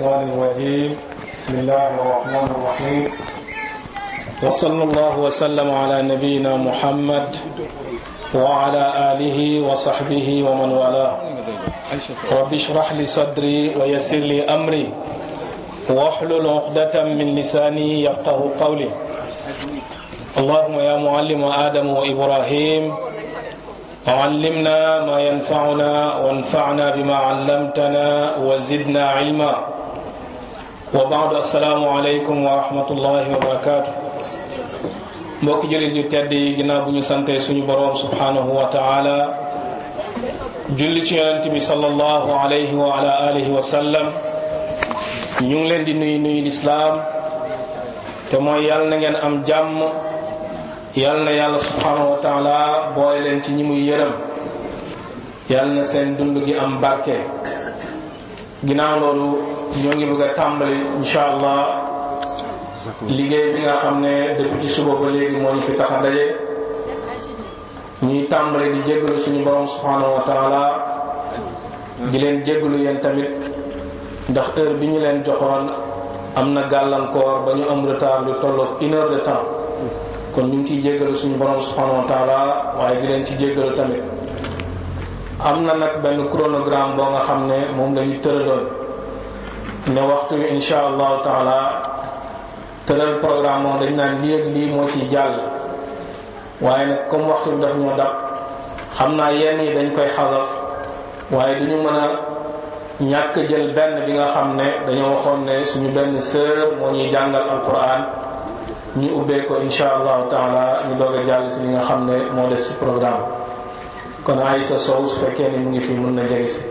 الشيطان الرجيم بسم الله الرحمن الرحيم وصلى الله وسلم على نبينا محمد وعلى آله وصحبه ومن والاه رب اشرح لي صدري ويسر لي أمري واحلل عقدة من لساني يفقه قولي اللهم يا معلم آدم وإبراهيم علمنا ما ينفعنا وانفعنا بما علمتنا وزدنا علما wa baadu assalaamu aleykum wa rahmatullahi wa barakaatu mbokki jullit yu tedd yi ginnaaw bu ñu sante suñu boroom subhanahu wa taala julli ci yonent bi sallallahu alayhi wa ala alihi wa sallam ñu ngi leen di nuyu nuyu lislaam te mooy yal na ngeen am jàmm yal na yàlla subhanahu wa taala boole leen ci ñi muy yërëm yal na seen dund gi am barke ginnaaw loolu ñoo ngi bëgg a tàmbali incha allah liggéey bi nga xam ne depuis ci suba ba léegi moo ñu fi tax a daje ñuy tàmbali di jéggalu suñu borom subhanahu wa di leen jéggalu yéen tamit ndax heure bi ñu leen joxoon am na gàllankoor ba ñu am retard lu tolloog une de temps kon ñu ngi ciy jéggalu suñu borom subhanahu wa waaye di leen ci jéggalu tamit am na nag benn chronogramme boo nga xam ne moom la ñu ne waxtu wi insha allah taala tëral programme moom dañ naan lii lii moo ci jàll waaye nag comme waxtu bi daf ñu dab xam naa yenn yi dañ koy xasaf waaye du ñu mën a ñàkk jël benn bi nga xam ne dañoo waxoon ne suñu benn sœur moo ñuy jàngal alquran ñu ubbee ko insha allahu taala ñu doog a jàll ci li nga xam ne moo def ci programme kon Aïssa Sow su fekkee ni mu ngi fi mun na jege si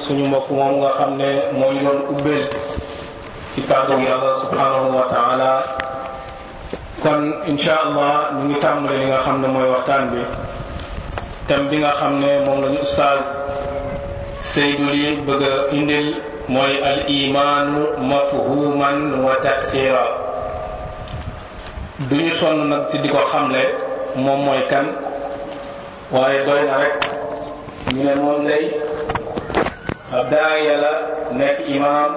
suñu mbokk moom nga xam ne mooy loolu ubbeel ci kàddu yàlla subhanahu wa taala kon insha allah ñu ngi tàmbali li nga xam ne mooy waxtaan bi thème bi nga xam ne moom lañu ustaaz Seydou li bëgg indil mooy al imaanu mafhuman wa tathira duñu sonn nag ci di ko xamle moom mooy kan waaye doy na rek ñu ne moom lay ab daaya nekk imam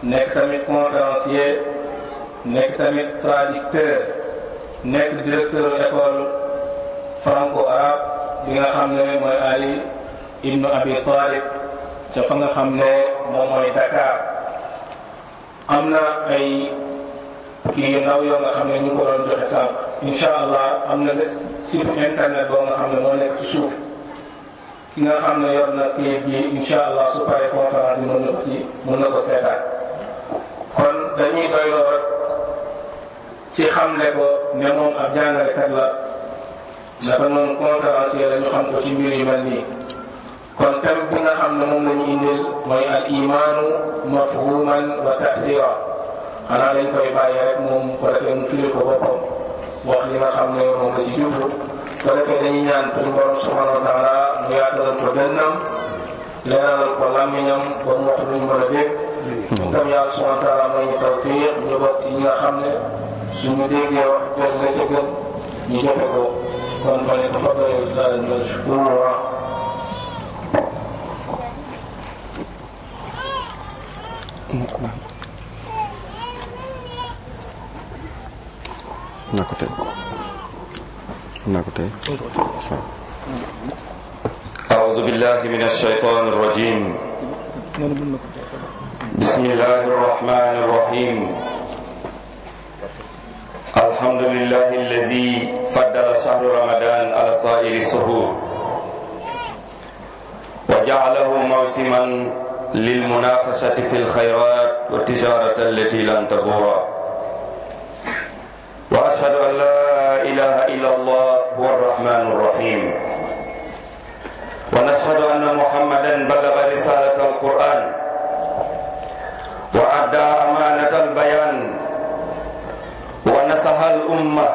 nekk tamit conférencier nekk tamit traducteur nekk directeur école franco arabe bi nga xam ne mooy Ali ibnu Abi Talib ca nga xam ne mooy Dakar am na ay kii ndaw yoo nga xam ne ñu ngi ko doon am na site internet boo nga xam ne moo nekk ci ki nga xam ne yor na kayit yi incha allah su paree na ko ci kon dañuy doyloo rek ci xamle ko ne moom ab jàngalekat la naka xam ko nga xam ne moom la ñu indil mooy al imaanu mafhuman wa taasira xanaa dañ koy bàyyi rek moom ko defee mu firi ko boppam wax li nga xam ne moom la ci jublu ko defee dañuy ñaan suñu borom subhanahu wa taala mu yaatalal ko dënnam leeralal ko làmmiñam ba mu wax lu ñu mën a dégg. ñu tam yaa subhanahu wa taala mooy ñu tawfiq ñu bokk ci ñi nga xam ne suñu déggee wax jël la ca gën ñu joxe ko kon ma ne dafa doy ustaad mashkuura na ko teg أعوذ بالله من الشيطان الرجيم بسم الله الرحمن الرحيم الحمد لله الذي فضل شهر رمضان على سائر السهور وجعله موسما للمنافسة في الخيرات والتجارة التي لن تبور واشهد ان لا اله الا الله هو الرحمن الرحيم ونشهد ان محمدا بلغ رساله القران وادى امانه البيان ونصح الامه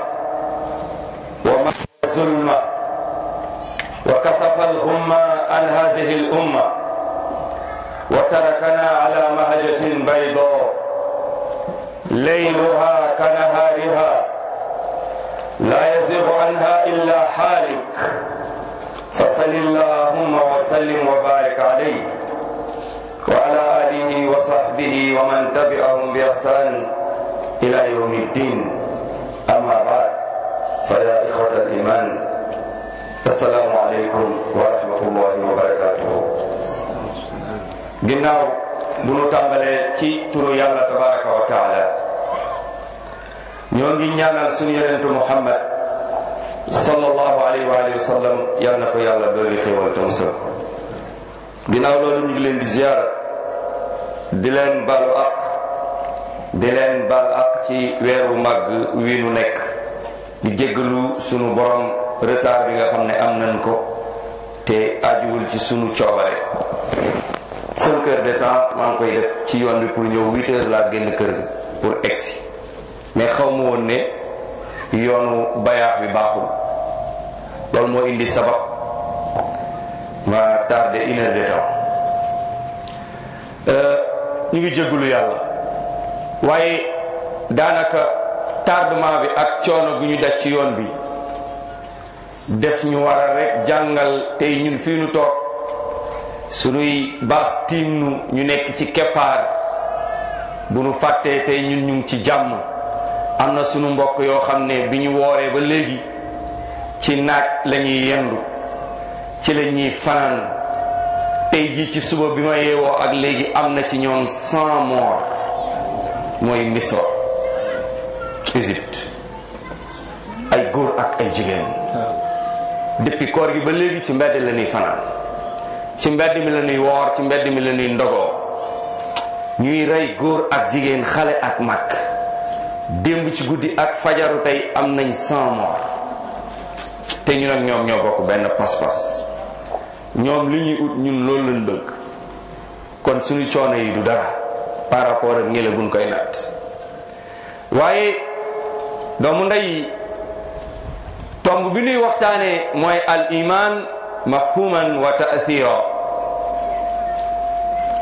ومحى الظلم وكشف الغمه عن هذه الامه وتركنا على مهجه بيضاء ليلها كنهارها لا يزيغ عنها إلا حالك فصل اللهم وسلم وبارك عليه وعلى آله وصحبه ومن تبعهم بإحسان إلى يوم الدين أما بعد فيا إخوة الإيمان السلام عليكم ورحمة الله وبركاته. ginnaaw bu nu tàmbalee ci turu yàlla tabaraka wa taala ñoo ngi ñaanal suñu yonentu muhammad sallallahu alayhi wa alihi wa sallam yal na ko yàlla dooli xéewal loolu ñu leen di ziyaara di leen baalu àq di leen baal àq ci weeru màgg wi nu nekk di jéggalu sunu borom retard bi nga xam ne am nañ ko te ajuwul ci sunu coobare sama kër de temps maa koy def ci yoon bi pour ñëw huit laa génn kër gi pour egsi mais xaw ma woon ne yoonu bayaax bi baaxul loolu moo indi sabab ma tardé une heure de temps euh, ñu ngi jégalu yàlla waaye daanaka tardement bi ak coono gi ñu daj ci yoon bi def ñu war a rek jàngal tey ñun fii ñu toog. sunuy bas ñu nekk ci keppaar bu nu fàttee tey ñu ngi ci jàmm am na sunu mbokk yoo xam ne bi ñu wooree ba léegi ci naaj lañuy yendu ci lañuy fanaan tey jii ci suba bi ma yeewoo ak léegi am na ci ñoom cent morts mooy Misra Égypte ay góor ak ay jigéen depuis koor gi ba léegi ci mbedd lañuy fanaan ci mbedd mi la ñuy woor ci mbedd mi la ñuy ndogoo ñuy rey góor ak jigéen xale ak mag démb ci guddi ak fajaru tey am nañ cent morts te ñun ak ñoom ñoo bokk benn pas-pas ñoom li ñuy ut ñun loolu lañ bëgg kon suñu coono yi du dara par rapport ak ñële koy natt waaye doomu ndey tomb bi ñuy waxtaanee mooy al مفهوما وتأثيرا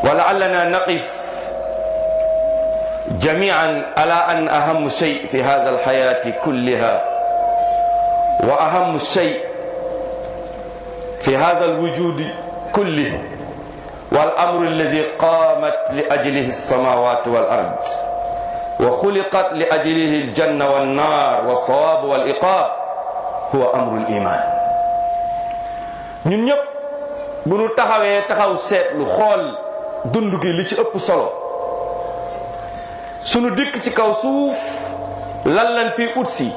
ولعلنا نقف جميعا على أن أهم شيء في هذا الحياة كلها وأهم شيء في هذا الوجود كله والأمر الذي قامت لأجله السماوات والأرض وخلقت لأجله الجنة والنار والصواب والإقاب هو أمر الإيمان ñun ñëpp bu ñu taxawee taxaw seetlu xool dund gi li ci ëpp solo sunu dikk ci kaw suuf lan lañ fi ut si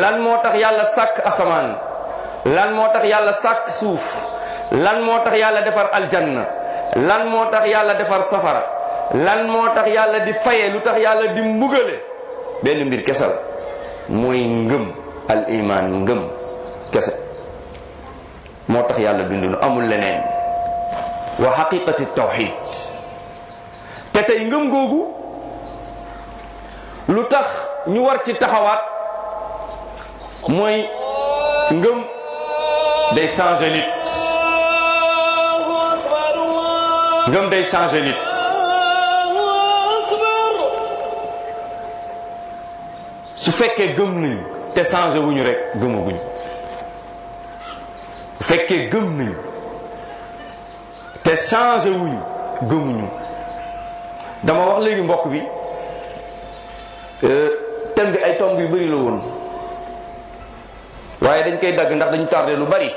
lan moo tax yàlla sàkk asamaan lan moo tax yàlla sàkk suuf lan moo tax yàlla defar aljanna lan moo tax yàlla defar safara lan moo tax yàlla di faye lu tax yàlla di mbugale benn mbir kesal la mooy ngëm al ngëm kese moo tax yàlla bind amul leneen wa xaqiqati tawxid te tey ngëm googu lu tax ñu war ci taxawaat mooy ngëm day changer nit ngëm day changer nit su fekkee gëm nañ te changer wuñu rek gëmaguñ fekkee gëm nañu te changé wuñu gëmuñu dama wax léegi mbokk bi euh, thème bi ay tomb yu bari la woon waaye dañ koy dagg ndax dañu tardé lu bari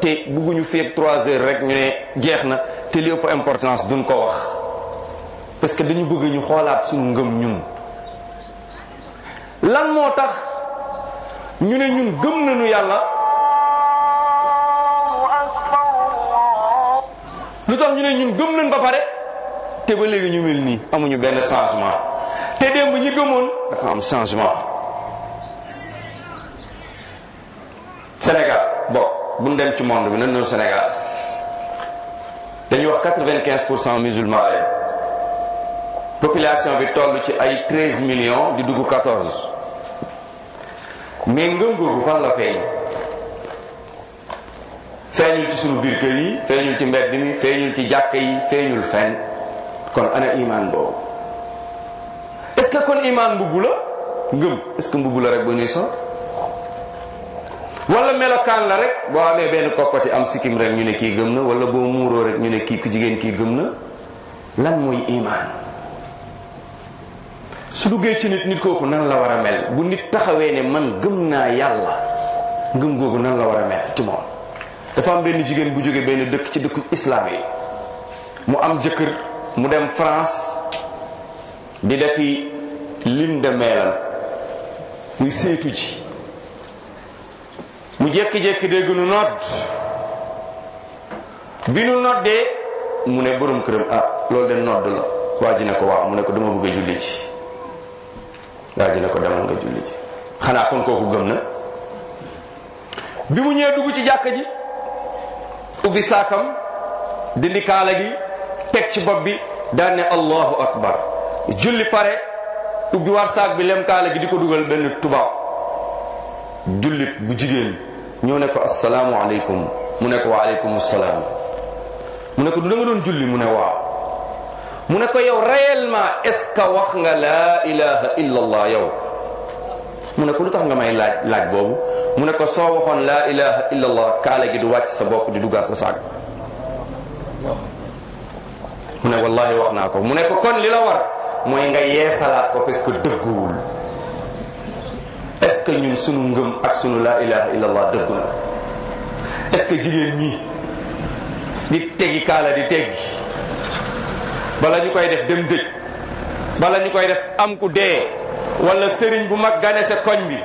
te bëgguñu féeg trois heures rek ñu ne jeex na te li ëpp importance duñ ko wax parce que dañu bëgg ñu xoolaat suñu ngëm ñun lan moo tax ñu ne ñun gëm nañu yàlla tax ñu ne ñun gëm nañ ba pare te ba léegi ñu mel nii amuñu benn changement te démb ñi gëmoon dafa am changement. Sénégal bon bu ñu dem ci monde bi nan noonu Sénégal dañuy wax quatre-vingt-quinze pour cent musulmans lañ population bi toll ci ay treize millions di dugg quatorze mais ngëm googu fan la feeñ. feeñul ci sunu biir kër yi feeñul ci mbedd mi feeñul ci jàkk yi feeñul fenn kon ana imaan boobu est kon imaan mbubb la ngëm est mbubb la rek ba ñuy sol wala melokaan la rek boo amee benn koppati am sikkim rek ñu ne kii gëm wala boo muuroo rek ñu ne kii ku jigéen kii gëm na lan mooy imaan su duggee ci nit nit kooku nan la war a mel bu nit taxawee ne man gëm naa yàlla ngëm googu nan la war a mel ci moom dafa am benn jigéen bu jóge benn dëkk ci dëkku islaam yi mu am jëkkër mu dem France di defi lune de miel muy seetu ji mu jékki-jékki dégg nu nodd bi nu noddee mu ne borom këram ah loolu de nodd la waa ji ne ko waaw mu ne ko dama bëgg a julli ji waa ji ne ko demal nga julli ji xanaa kon kooku gëm na bi mu ñëwee dugg ci jàkka ji ubbi saakam dindi kaala gi teg ci bopp bi daan ne allahu akbar julli pare ubbi war saak bi lem kaala gi di ko dugal benn tubaab jullit bu jigéen ñëw ne ko assalaamu mu ne ko wa aleykum salaam mu ne ko du da doon julli mu ne waaw mu ne ko yow réellement est ce que wax nga illa allah mu ne ko lu tax nga may laaj laaj boobu mu ne ko soo waxoon laa ilaha illa kaala gi du wàcc sa bopp di duggaat sa saag mu ne wallahi wax naa ko mu ne ko kon li la war mooy nga yeesalaat ko parce que dëgguwul est ñun sunu ngëm ak sunu laa ilaha illa allah dëggu jigéen ñi di teggi kaala di teggi bala ñu koy def dem dëj bala ñu koy def am ku dee wala sëriñ bu mag gane sa koñ bi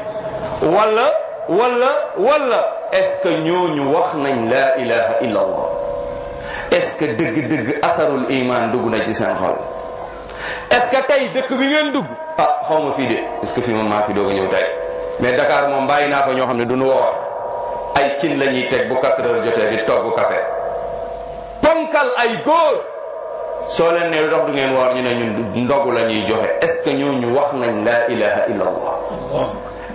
wala wala wala est-ce que ñooñu wax nañ laa ilaha illa allah est-ce dëgg-dëgg asarul iman dugg nañ ci seen xol est-ce dëkk bi ngeen dugg ah xaw ma fii de est que fii moom maa fi doog a ñëw tey mais Dakar moom bàyyi naa fa ñoo xam ne du duñu woor ay cin la ñuy teg bu quatre heures jotee di togg café ponkal ay góor soo leen ne dox du ngeen woor ñu ne ñun ndogu la ñuy joxe est-ce que ñooñu wax nañ laa ilaha illa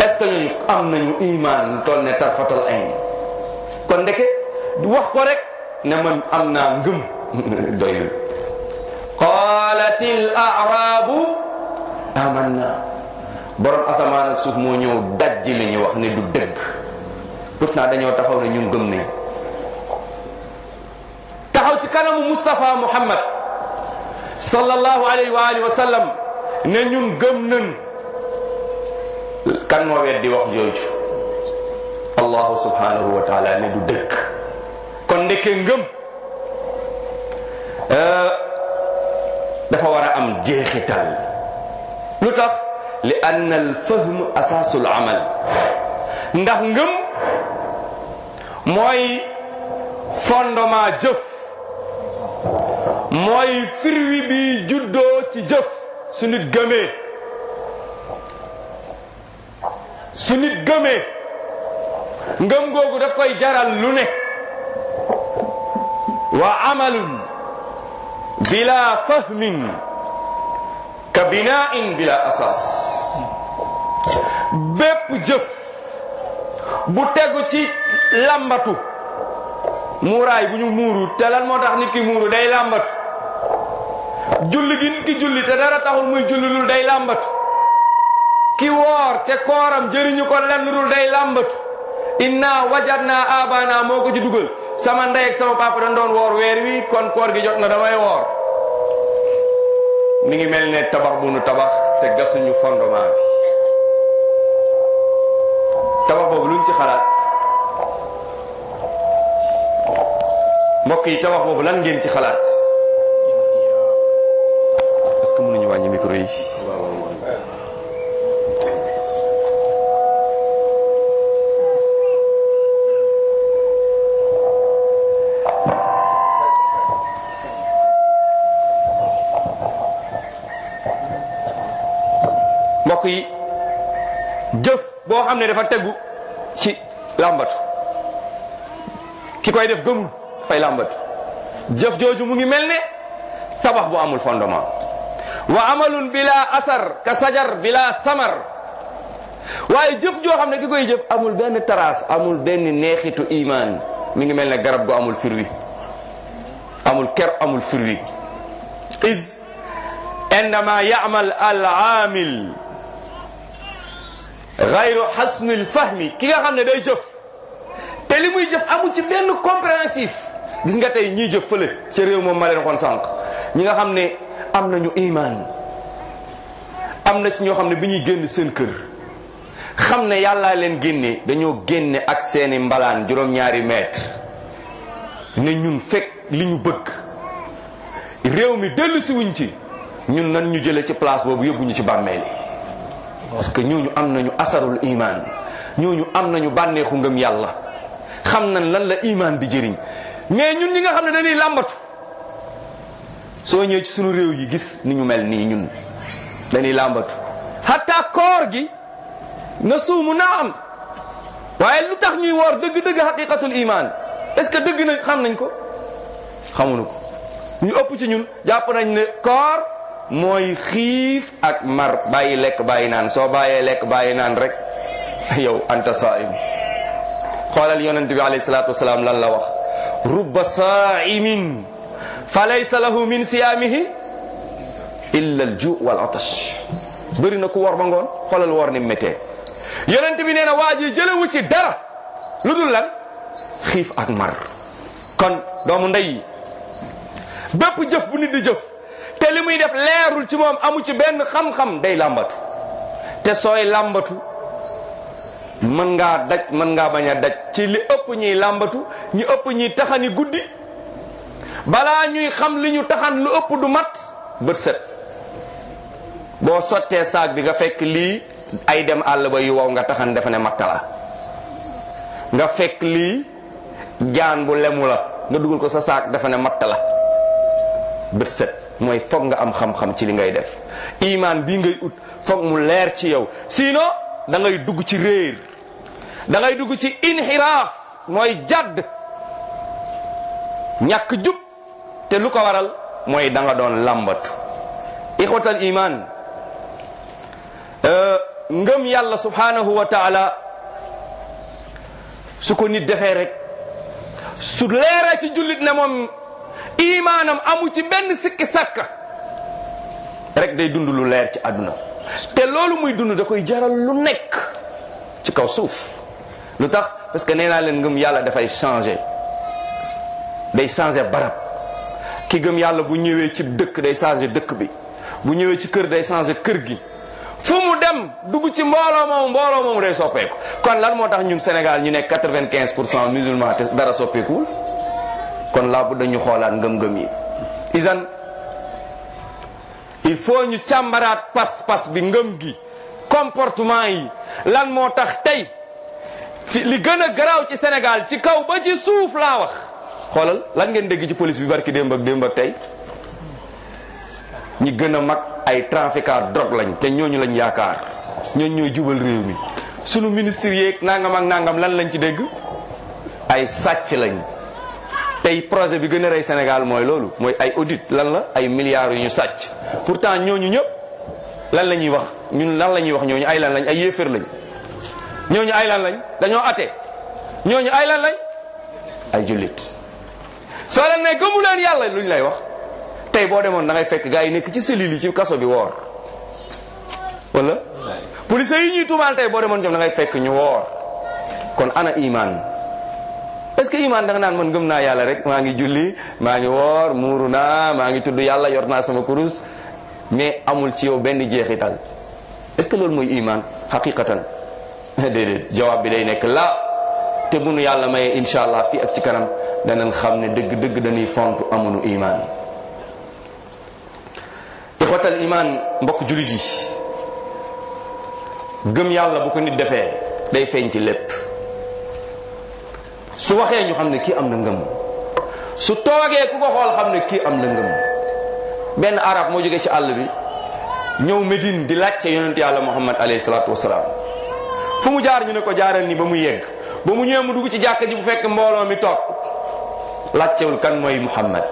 est-ce que ñooñu am nañu imaan toll ne tarfatal ay kon ndeke wax ko rek ne man am naa ngëm doyul qaalatil a'raabu amanna borom asamaan ak suuf moo ñëw dajj li wax ne du dëgg pourtant dañoo taxaw ne ñun gëm taxaw ci kanamu Moustapha Muhammad sallallahu alayhi wa alihi wa kan moo weddi wax jooju allahu subhanahu wa taala du dëkk kon ndekkee ngëm euh, dafa war am jeexital lu tax li anna al fahm asaasul amal ndax ngëm mooy fondement jëf mooy firwi bi juddoo ci jëf su nit gëmee su nit gëmee ngëm googu daf koy jaral lu ne wa amalun bila fahmin ka binaain bila asaas bépp jëf bu tegu ci làmbatu muuraay bu ñu muuru te lan moo tax nit ki muuru day làmbatu julli gi nit ki julli te dara taxul muy julli lul day làmbatu ki woor te kooram jëriñu ko lenn dul day làmbatu inna wajadna abana moo ko ci dugal sama ndey ak sama papa dañ woor weer wi kon koor gi jot na damay woor mi ngi mel ne tabax bu nu tabax te gasuñu fondement bi tabax boobu luñ ci xalaat mbokk yi tabax boobu lan ngeen ci xalaat xam ne dafa tegu ci ki koy def gëmul fay làmbatu jëf jooju mu ngi mel ne tabax bu amul fondement wa amalun bila asar ka sajar bila samar waaye jëf joo xam ne ki koy jëf amul benn trace amul benn neexitu iman mi ngi mel ne garab gu amul fruit amul ker amul fruit is indama al aamil xayru xasnil fahmi ki nga xam ne day jëf te li muy jëf amul ci benn compréhensif gis nga tey ñiy jëf fële ca réew moom ma leen xoon sànq ñi nga xam ne am na ñu imaan am na ci ñoo xam ne bi ñuy génn seen kër xam ne yàllaa leen génne dañoo génne ak seeni mbalaan juróom-ñaari mètre ne ñun fekk li ñu bëgg réew mi dellusi wuñ ci ñun nan ñu jëlee ci place boobu yóbbuñu ci bàmmeel yi parce que ñooñu am nañu asarul iman ñooñu am nañu bànneexu ngëm yàlla xam nañ lan la iman di jëriñ mais ñun ñi nga xam ne dañuy làmbatu soo ñëwee ci suñu réew yi gis ni ñu mel nii ñun dañuy làmbatu hatta koor gi nga suumu naa am waaye lu tax ñuy woor dëgg-dëgg xaqiqatul iman est-ce que dëgg na xam nañ ko xamuñu ko ñu ëpp ci ñun jàpp nañ ne koor mooy xiif ak mar bàyyi lekk bàyyi naan soo bàyyee lekk bàyyi naan rek yow anta saa'im xoolal yonent bi alayhi lan la wax rubba saa'imin fa laysa lahu min siyaamihi illa al ju wal na ku war ba ngoon xoolal war ni méttee yonent bi nee na ci dara lu dul lan xiif ak mar kon doomu ndey bépp jëf bu nit di li muy def leerul ci moom amu ci benn xam-xam day làmbatu te sooy làmbatu mën ngaa daj mën ngaa bañ a daj ci li ëpp ñuy làmbatu ñi ëpp ñuy taxani guddi balaa ñuy xam li ñu taxan lu ëpp du mat bët set boo sottee saak bi nga fekk lii ay dem àll ba yu wow nga taxan dafa ne la nga fekk lii jaan bu lemu la nga dugal ko sa saag dafa ne la bët set mooy foog nga am xam-xam ci li ngay def imaan bi ngay ut foog mu leer ci yow sinon dangay dugg ci réer dangay dugg ci inxiraaf mooy jàdd ñàkk jub te lu ko waral mooy danga doon làmbatu ixwatal imaan euh, ngëm yàlla subhanahu wa taala su ko nit defee rek su leeree ci jullit ne moom imaanam amu ci benn sikki sàkka rek day dund lu leer ci àdduna te loolu muy dund da koy jaral lu nekk ci kaw suuf lu tax parce que nee naa leen ngëm yàlla dafay changer day changer barab ki gëm yàlla bu ñëwee ci dëkk day changer dëkk bi bu ñëwee ci kër day changer kër gi fu mu dem dugg ci mbooloo moom mbooloo moom day soppeeku kon lan moo tax ñun Sénégal ñu ne quatre-vingt-quinze pour cent musulman te dara soppeeku kon laa bu dañu xoolaat ngëm-ngëm yi isan il faut ñu càmbaraat pas-pas bi ngëm gi comportement yi lan moo tax tey ci li gën a garaaw ci Sénégal ci kaw ba ci suuf laa wax xoolal lan ngeen dégg ci police bi barki démb ak démb ak tey ñi gën a mag ay trafiquants drogue lañ te ñooñu lañ yaakaar ñooñu ñooy jubal réew mi sunu ministre yeeg nangam ak nangam lan lañ ci dégg ay sàcc lañ tey projet bi gën a rey Sénégal mooy loolu mooy ay audit lan la ay milliards yu ñu sàcc pourtant ñooñu ñëpp lan la ñuy wax ñun lan la ñuy wax ñooñu ay lan lañ ay yéefar lañ ñooñu ay lan lañ dañoo ate ñooñu ay lan lañ ay jullit soo leen ne gëmu leen yàlla luñ lay wax tey boo demoon da ngay fekk gars yi nekk ci cellule yi ci kaso bi woor wala police yi ñuy tuumaal tey boo demoon ñoom da fekk ñu woor kon ana imaan est-ce que iman da nga naan man gëm naa yàlla rek maa ngi julli maa ngi woor muuru naa maa ngi tudd yàlla yor naa sama kurus mais amul ci yow benn jeexital est-ce que loolu mooy iman xaqiqatan déedéet jawaab bi day nekk laa te bu yàlla mayee incha allah fii ak ci kanam danañ xam ne dëgg dëgg dañuy fontu amuñu iman ixwatal iman mbokk jullit yi gëm yàlla bu ko nit defee day feeñ ci lépp su waxee ñu xam ne kii am na ngëm su toogee ku ko xool xam ne kii am na ngëm benn arab moo jóge ci àll bi ñëw Medine di laajte yonent yàlla Muhammad alayhi salaatu wasalaam fu mu jaar ñu ne ko jaaral nii ba mu yegg ba mu ñëwee mu dugg ci jàkka ji bu fekk mbooloo mi toog laajtewul kan mooy Muhammad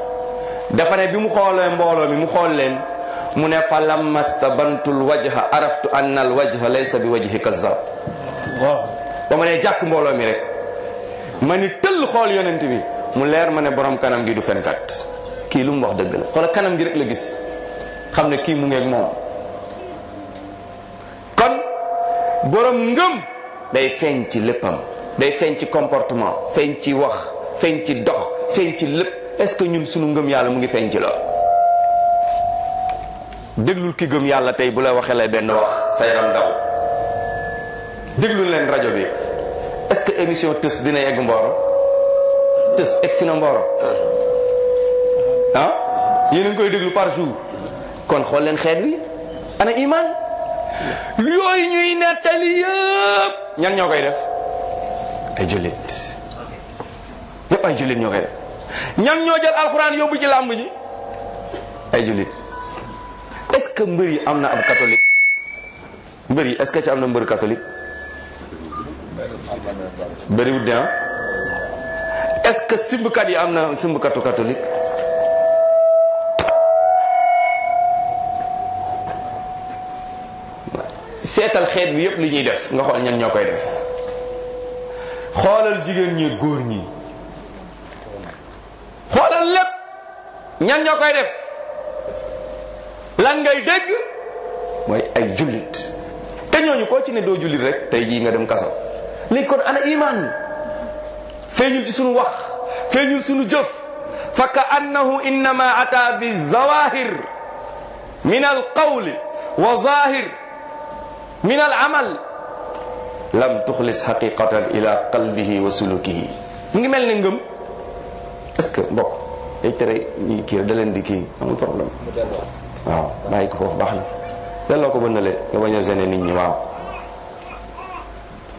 dafa ne bi mu xoolee mbooloo mi mu xool leen mu ne fa lamastabantul wajha araftu anna al wajha laysa bi wajhi kazzab ba mu ne jàkk mbooloo mi rek ma ni tëll xool yonent bi mu leer ma ne boroom kanam gi du fenkat kii lu mu wax dëgg la wala kanam gi rek la gis xam ne kii mu ngeeg moom kon borom ngëm day feeñ ci léppam day feeñ ci comportement feeñ ci wax feeñ ci dox feeñ ci lépp est-ce que ñun sunu ngëm yàlla mu ngi feeñ ci lool déglul ki gëm yàlla tey bu la waxee la benn wax sa yaram daw déglul leen rajo bi est-ce que émission tës dina yegg Mboro tës egg si na Mboro ah yéen koy déglu par jour kon xool leen xeet wi ana iman yooyu ñuy nettali yëpp ñan ñoo koy def ay jullit ñëpp ay jullit ñoo koy def ñan ñoo jël alxuraan yóbbu ci làmb ji ay jullit est-ce que mbër yi am na ab catholique mbër yi est-ce que ci am na mbër catholique bëriwul de ah. est-ce yi am na simbukatu catholique. seetal xeet bi yépp li ñuy def nga xool ñan ñoo koy def xoolal jigéen ñi góor ñi xoolal lépp ñan ñoo koy def lan ngay dégg mooy ay jullit te ñooñu koo ci ne doo jullit rek tey jii nga dem kaso. léegi kon ana iman feeñul ci sunu sunu jëf fa ka ata bi zawahir min al qawli wa zahir min al amal lam tuxlis xaqiqatan ila qalbihi wa sulukihi mu ngi mel ne ngëm est que mbokk day tere ñi leen di kii amul problème waaw ko foofu baax na ko ba na le nga bañ waaw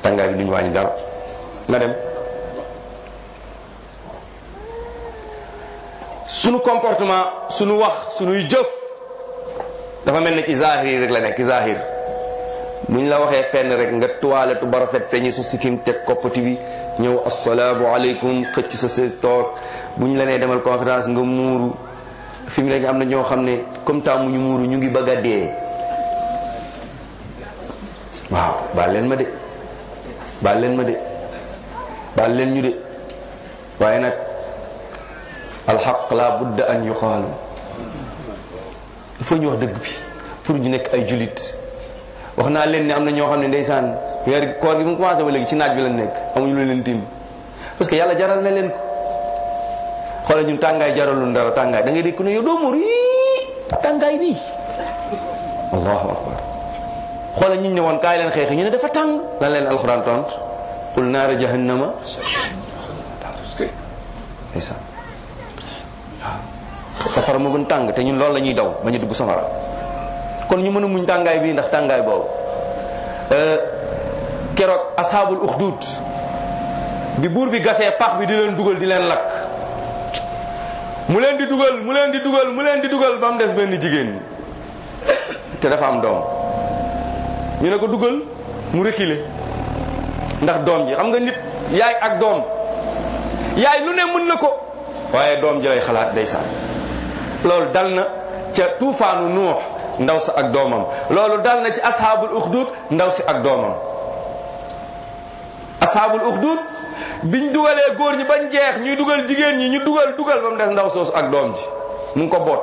tàngaay bi duñu wàññi dara na dem sunu comportement sunu wax suñuy jëf dafa mel ne ci zahir rek la nekk ci zahir bu ñu la waxee fenn rek nga toilette ba rafet peñi sa sikkim teg koppati bi ñëw assalaamu aleykum xëcc sa sees toog bu ñu la nee demal conférence nga muuru fi mu am na ñoo xam ne comme taamu ñu muuru ñu ngi bëgg a dee waaw baal leen ma de baal leen ma de baal leen ñu de waaye nag alxaq la budda an yuqaalu il faut ñu wax dëgg bi pour ñu nekk ay julit wax naa leen ni am na ñoo xam ne ndeysaan weer koor gi mu commencé ba léegi ci naaj bi la nekk amuñu lu leen tim parce que yàlla jaral na leen ko xoolal ñun tàngaay jaralul dara tàngaay da ngay dégg ku ne yow tàngaay bi allahu akbar xoola ñu ne woon kaay leen xeexi ñu ne dafa tàng lan leen alxuraan tont qul naara jahannama ndeysaan waaw safara moo gën tàng te ñu lool la ñuy daw ba ñu dugg safara kon ñu mën a muñ tàngaay bii ndax tàngaay boobu euh, keroog ashaabul uxdud bi buur bi gasee pax bi di leen dugal di leen lakk mu leen di dugal mu leen di dugal mu leen di dugal ba mu des benn jigéen te dafa am doom ñu ne ko dugal mu reculer ndax doom ji xam nga nit yaay ak doom yaay lu ne mën na ko waaye doom ji lay xalaat ndeysaan loolu dal na ca tuufaanu nuux ndaw sa ak doomam loolu dal na ci ashaabul uxdud ndaw si ak doomam ashaabul uxdud biñ dugalee góor ñi bañ jeex ñuy dugal jigéen ñi ñu dugal dugal ba mu des ndaw soosu ak doom ji mu ngi ko boot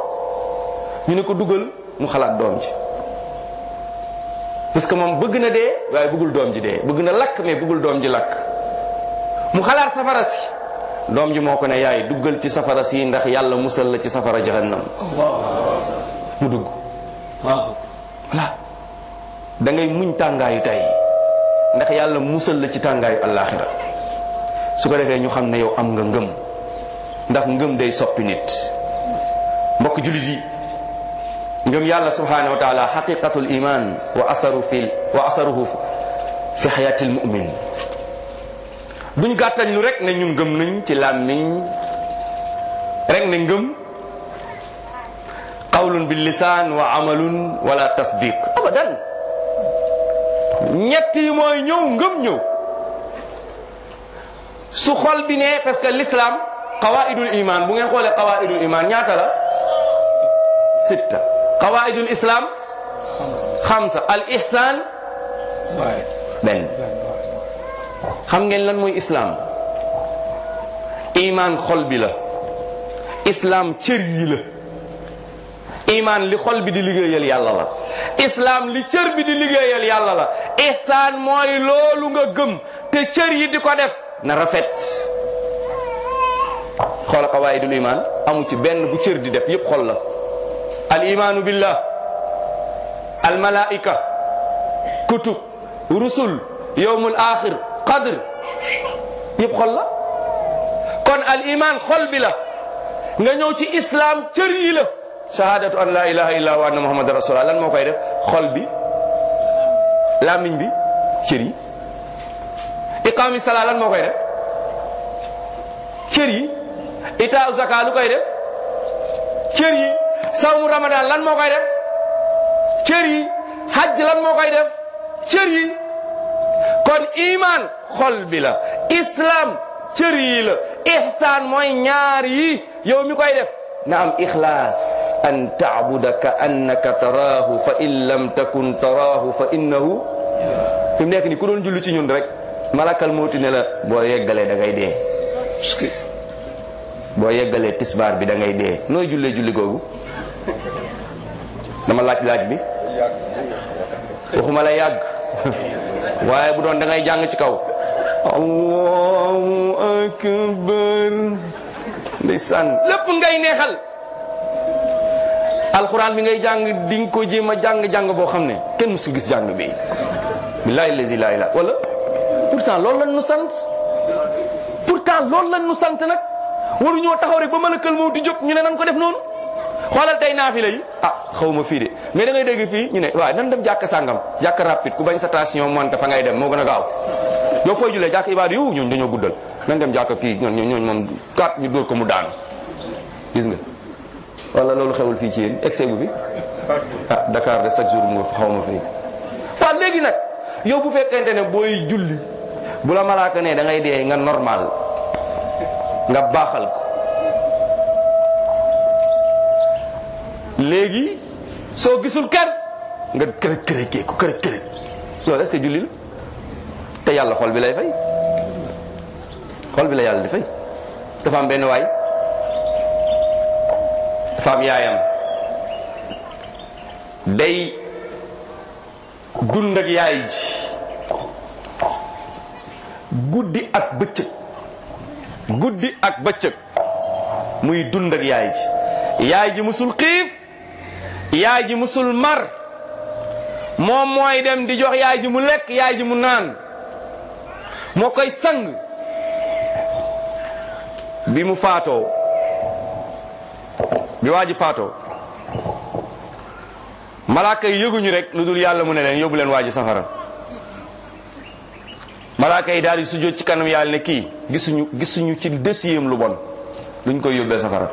ñu ne ko dugal mu xalaat doom ji parce que moom bëgg na dee waaye bëggul doom ji dee bëgg na lakk mais bëggul doom ji lakk mu xalaat safara si doom ji moo ko ne yaay duggal ci safara si ndax yàlla musal la ci safara jahannam mu dugg waaw voilà da ngay muñ tàngaayu tey ndax yàlla musal la ci tàngaayu allaaxira su ko defee ñu xam ne yow am nga ngëm ndax ngëm day soppi nit mbokk jullit yi ngëm yàlla subhanahu wa taala xaqiqatul iman wa asaru fi wa asaruhu fi xayatil mumin duñ gàttañ lu rek ne ñun ngëm nañ ci làmmiñ rek ne ngëm qawlun bil lisaan wa amalun wala tasdiq abadan ñett yi mooy ñëw ngëm ñëw su xol bi ne parce que l'islam qawaidul iman bu ngeen xoolee qawaidul iman ñaata la sitta qawaidul islam xamsa al ihsan benn xam ngeen lan mooy islam imaan xol bi la islam cër yi la iman li xol bi di liggéeyal yàlla la islam li cër bi di liggéeyal yàlla la ihsan mooy loolu nga gëm te cër yi di ko def na rafet xoola qawaidul iman amu ci benn bu cër di def yépp xol la alimaanu billah almalaika kutub rusul yowmul axir qadr yëpp xol la kon al iman xol bi la nga ñëw ci islam cër yi la shahadatu an la ilaha illa wa anna muhammad rasulullah lan moo koy def xol bi làmmiñ bi cër yi iqaami salaa lan moo koy def cër yi itaa zaka lu koy def cër yi sawmu Ramadan lan moo koy def cër yi hajj lan moo koy def cër yi kon iman xol bi la islam cër yi la ihsaan mooy ñaar yi yow mi koy def na am ixlaas an taabuda ka taraahu fa in lam takun taraahu fa innahu fi mu nekk ni ku doon julli ci ñun rek malakal mooti ne boo yeggalee da ngay dee boo yeggalee tisbaar bi da ngay dee nooy jullee julli googu dama laaj laaj bi waxuma la yàgg waaye bu doon dangay jàng ci kaw allahu akbar ndeysaan lépp ngay neexal alxuraan bi ngay jàng di nga ko jéem a jàng-jàng boo xam ne kenn mësul gis jàng bi billahi lazi la wala pourtant lool lan nu sant pourtant lool lan nu sant nag waruñoo taxaw rek ba malakal mawti jóg ñu ne nan ko def noonu xoolal tey naafila yi ah xaw ma fii de mais da ngay dégg fii ñu ne waaw nan dem jàkk sàngam jàkk rapide ku bañ sa tension monte fa ngay dem moo gën a gaaw yow fooy julee jàkk ibaad yow ñooñ dañoo guddal nan dem jàkk kii ñooñ ñooñ moom kat ñu dóor ko mu daanu gis nga walla loolu xewul fii ci yéen excès bu fi ah Dakar de chaque jour mu xaw ma fii waaw léegi nag yow bu fekkente ne booy julli bu la malaaka ne da ngay dee nga normal nga baaxal ko léegi soo gisul kenn nga kërëj kërëjee ko kërëj kërëj loolu est-ce te yàlla xol bi lay fay xol bi la yàlla di fay dafa am benn waay dafa yaayam day dund ak yaay ji guddi ak bëccëg guddi ak bëccëg muy dund ak yaay ji yaay ji musul xiif yaay ji musul mar moom mooy dem di jox yaay ji mu lekk yaay ji mu naan moo koy sang bi mu faatoo bi waa ji faatoo malaaka yi yëguñu rek lu dul yàlla mu ne leen yóbbu leen waa ji safara malaaka yi daal su sujjóot ci kanam yàlla ne kii gisuñu gisuñu ci desiyem lu bon luñ koy yóbbee safara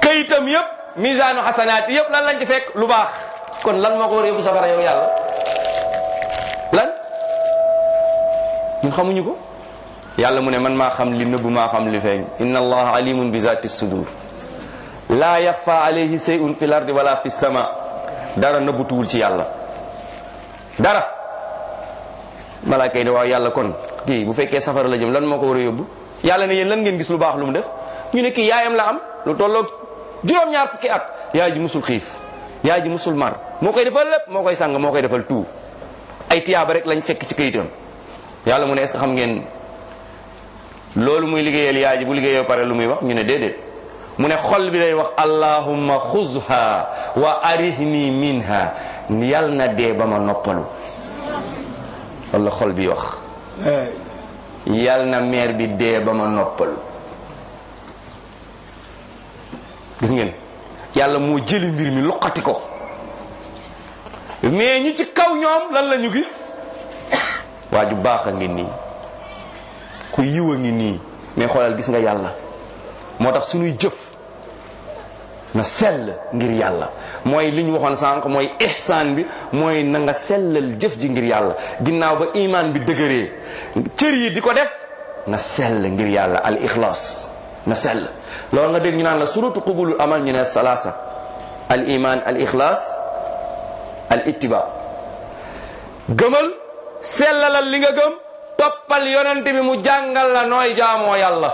kayitam yépp misaanu xasanaat yëpp lan lañ ci fekk lu baax kon lan moo ko war a yóbbu safara yow yàlla lan xamuñu ko yàlla mu ne man maa xam li nëbbu maa xam li feeñ inna allaha alimun bi zati sama dara nëbbutuwul ci yàlla dara malaaka yi waaw yàlla kon bu fekkee safara la jëm lan moo ko a yóbbu yàlla ne yéen ngeen gis lu baax lu mu def ñu ne kii yaayam la am lu tolloog juróom-ñaar fukki ak yaay ji musul xiif yaay ji musul mar moo koy defal lépp moo koy sàng moo koy defal tout ay tiyaaba rek lañ fekk ci kayitam yàlla mu ne est xam ngeen loolu muy liggéeyal yaay ji bu liggéeyoo pare lu muy wax ñu ne déedéet mu ne xol bi day wax allahumma xuzha wa arihni minha yal na dee ba ma noppalu wala xol bi wax yal na meer bi dee ba ma noppalu gis ngeen yàlla moo jëli mbir mi loqati ko mais ñi ci kaw ñoom lan la ñu gis waa ju baax a ngi nii ku yiw a ngi nii mais xoolal gis nga yàlla moo tax suñuy jëf na sell ngir yàlla mooy li ñu waxoon sànq mooy ihsaan bi mooy na nga sellal jëf ji ngir yàlla ginnaaw ba imaan bi dëgëree cër yi di ko def na sell ngir yàlla al ixlaas na sell loolu nga dégg ñu naan la surutu qubulul amal ñu ne salaasa al iman al gëmal sellalal li nga gëm toppal yonent bi mu jàngal la nooy jaamoo yàlla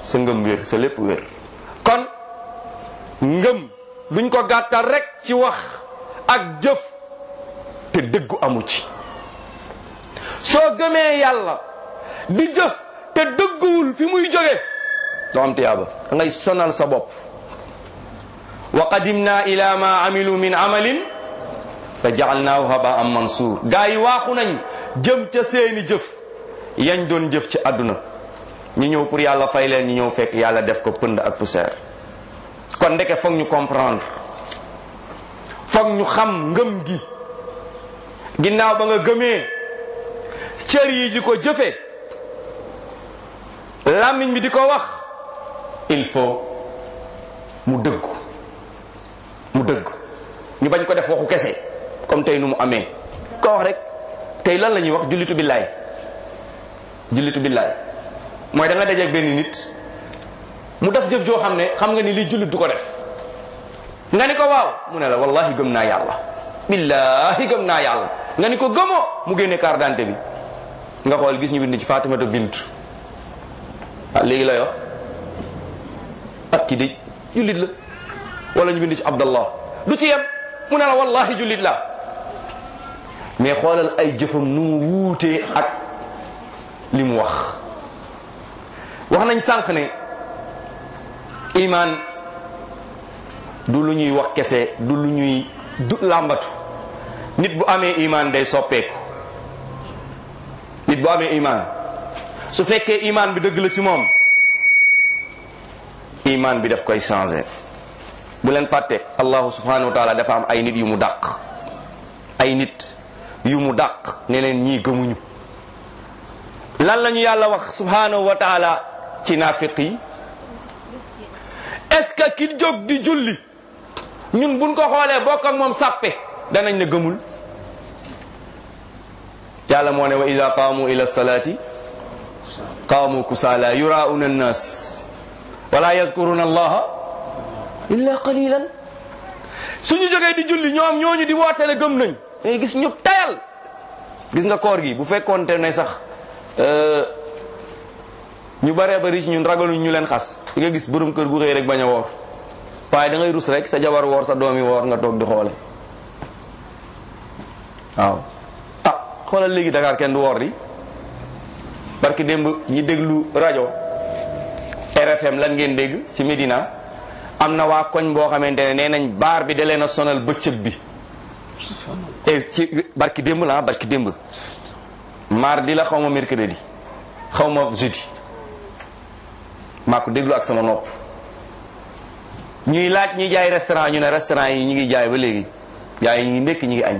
sa ngëm wér sa lépp wér kon ngëm duñ ko gàttal rekk ci wax ak jëf te dëggu amu ci soo gëmee yàlla di jëf te dëgguwul fi muy jóge doo am tiyaaba da ngay sonal sa bopp wa qadimna ila ma amilu min amalin fa jaalnaahu habaan mansuur gaa yi waaxu nañ jëm ca seeni jëf yañ doon jëf ci àdduna ñu ñëw pour yàlla fay leen ñu ñëw fekk yàlla def ko pënd ak poussière kon ndeke foog ñu comprendre foog ñu xam ngëm gi ginnaaw ba nga gëmee cër yi di ko jëfee làmmiñ bi di ko wax il faut mu dëggu mu dëgg ñu bañ ko def waxu kese comme tey nu mu amee ko wax rek tey lan la ñuy wax jullitu billaay jullitu billaay mooy da nga dajeeg benn nit mu def jëf joo xam ne xam nga ni lii jullit du ko def nga ni ko waaw mu ne la wallahi gëm naa yàlla billahi gëm naa yàlla nga ni ko gëmoo mu génne carte d'identité bi nga xool gis ñu bind ci Fatimatu bint ah, léegi lay wax ak ki di jullit la wala ñu bind ci abdallah du ci yem mu ne la wallahi jullit la mais xoolal ay jëfam nu mu wuutee ak li mu wax wax nañ sànq ne imaan du lu ñuy wax kese du lu ñuy du làmbatu nit bu amee imaan day soppeeku nit bu amee imaan su fekkee imaan bi dëgg la ci moom iman bi daf koy changé bu leen fàtte allahu subhanahu wa taala dafa am ay nit yu mu dàq nit yu mu dàq ne leen ñii gëmuñu lan ñu yàlla wax subhanahu wa taala ci naafiq yi ce que ki jóg julli ñun buñ ko xoolee bokk moom sàppe danañ ne gëmul yàlla moo ne wa ida qaamu ila salaati qaamu kusaala yurauna annaas wala yazkuruna allaha illa qalilan suñu jógee di julli ñoom ñooñu di wootele gëm nañ ngay gis ñu tayal gis nga koor gi bu fekkoonte ne sax euh, ñu bare bari ci ñun ragaluñ ñu leen xas di nga gis borom kër gu xëy rek bañ a woor waaye da ngay rus rek sa jabar woor sa doomi woor nga toog di xoole waaw ah xoolal léegi Dakar kenn du woor di parce que démb ñi déglu rajo RFM lan ngeen dégg ci Medina am na waa koñ boo xamante ne nee nañ baar bi da leen a sonal bëccëg bi. et ci barki démb la barki démb mardi la xaw ma mercredi xaw ma jeudi maa ko déglu ak sama nopp. ñuy laaj ñuy jaay restaurant ñu ne restaurant yi ñu ngi jaay ba léegi gars yi ñu ngi nekk ñu ngi añ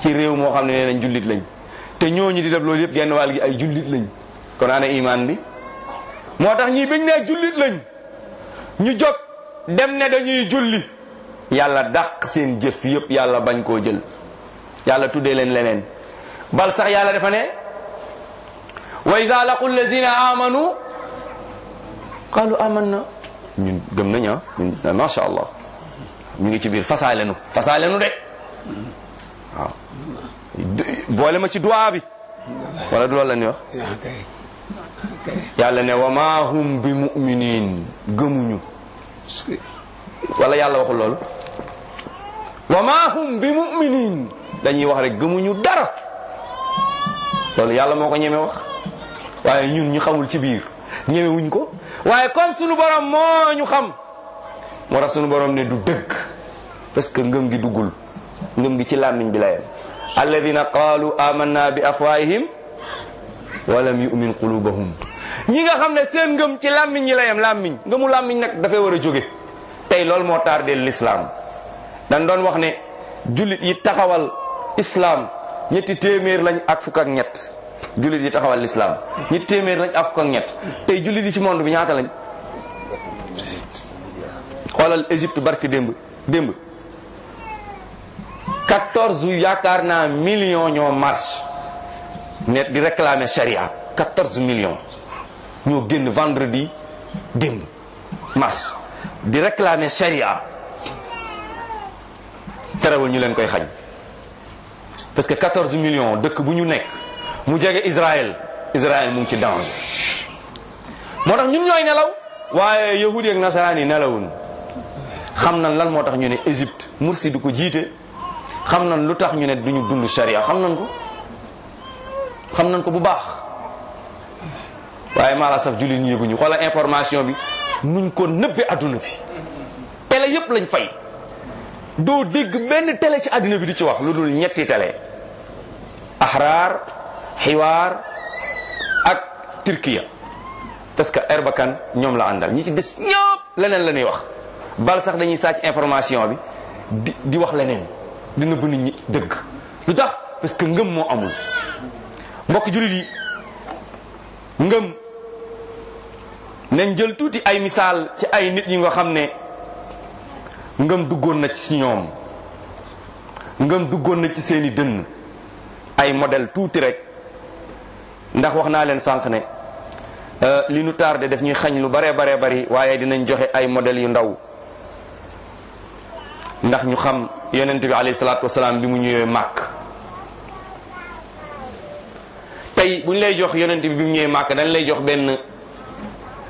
ci réew moo xam ne nee nañ jullit lañ te ñoo ñu di def loolu yëpp genn wàll gi ay jullit lañ kon ana imaan bi. moo tax ñi biñ nee jullit lañ ñu jóg dem ne dañuy julli yàlla dàq seen jëf yëpp yàlla bañ koo jël yàlla tuddee leen leneen bal sax yàlla dafa ne wa iza laqu allazina amanu qalu amanna ñun gëm nañ ah ñun macha allah ñu ngi ci biir fasaalenu fasaalenu de waaw boole ma ci duwaa bi wala du loolu la ñuy yàlla ne wa maa hum bi mu'minin gëmuñu wala yàlla waxul loolu wa maa hum bi mu'minin dañuy wax rek gëmuñu dara loolu yàlla moo ko ñeme wax waaye ñun ñu xamul ci biir ñemewuñ ko waaye comme sunu borom moo ñu xam moo tax sunu borom ne du dëgg parce que ngëm gi duggul ngëm gi ci làmmiñ bi la yem alladina qaalu amanna bi afwaahihim walam yu'min qulubuhum ñi nga xam ne seen ngëm ci làmmiñ ñi làmmiñ ngëmu làmmiñ nag dafay war a jóge tey loolu moo tardé l'islam dañ doon wax ne jullit yi taxawal islam ñetti téeméer lañ ak fukk ñett jullit yi taxawal l'islam ñetti téeméer lañ ak fukk ñett tey jullit yi ci monde bi ñaata lañ. xoolal Égypte barki démb démb 14 yaakaar naa million ñoo marche ne di réclamer charia million ñoo génn vendredi démb mars di réclamer charia terewul ñu leen koy xañ parce que 14 millions dëkk bu ñu nekk mu jege Israël Israël mu ngi ci danger moo tax ñun ñooy nelaw waaye yahudi ak nasaraan yi nelawun xam nañ lan moo tax ñu ne Égypte Mursi du ko jiite xam nañ lu tax ñu ne duñu dund charia xam nañ ko xam nañ ko bu baax waaye maa la saf jullit ñi yëguñu xoolal information bi nuñ ko nëbbe adduna bi télé yépp lañ fay doo dégg benn tele ci adduna bi di ci wax lu dul ñetti tele ahraar xiwaar ak turkiya parce que Erbakan ñoom la àndal ñi ci des ñëpp leneen la ñuy wax bal sax dañuy sàcc information bi di di wax leneen dina bëgg nit ñi dëgg lu tax parce que ngëm moo amul mbokk jullit yi nañ jël tuuti ay misaal ci ay nit ñi nga xam ne ngëm duggoon na ci ñoom ngëm duggoon na ci seeni dënn ay modèle tuuti rek ndax wax naa leen sànq ne euh, li nu tardé def ñuy xañ lu baree baree bari waaye dinañ joxe ay modèle yu ndaw ndax ñu xam yonent bi alayhi salaatu wasalaam bi mu ñëwee màkk tey bu ñu lay jox yonent bi bi mu ñëwee màkk dañ lay jox benn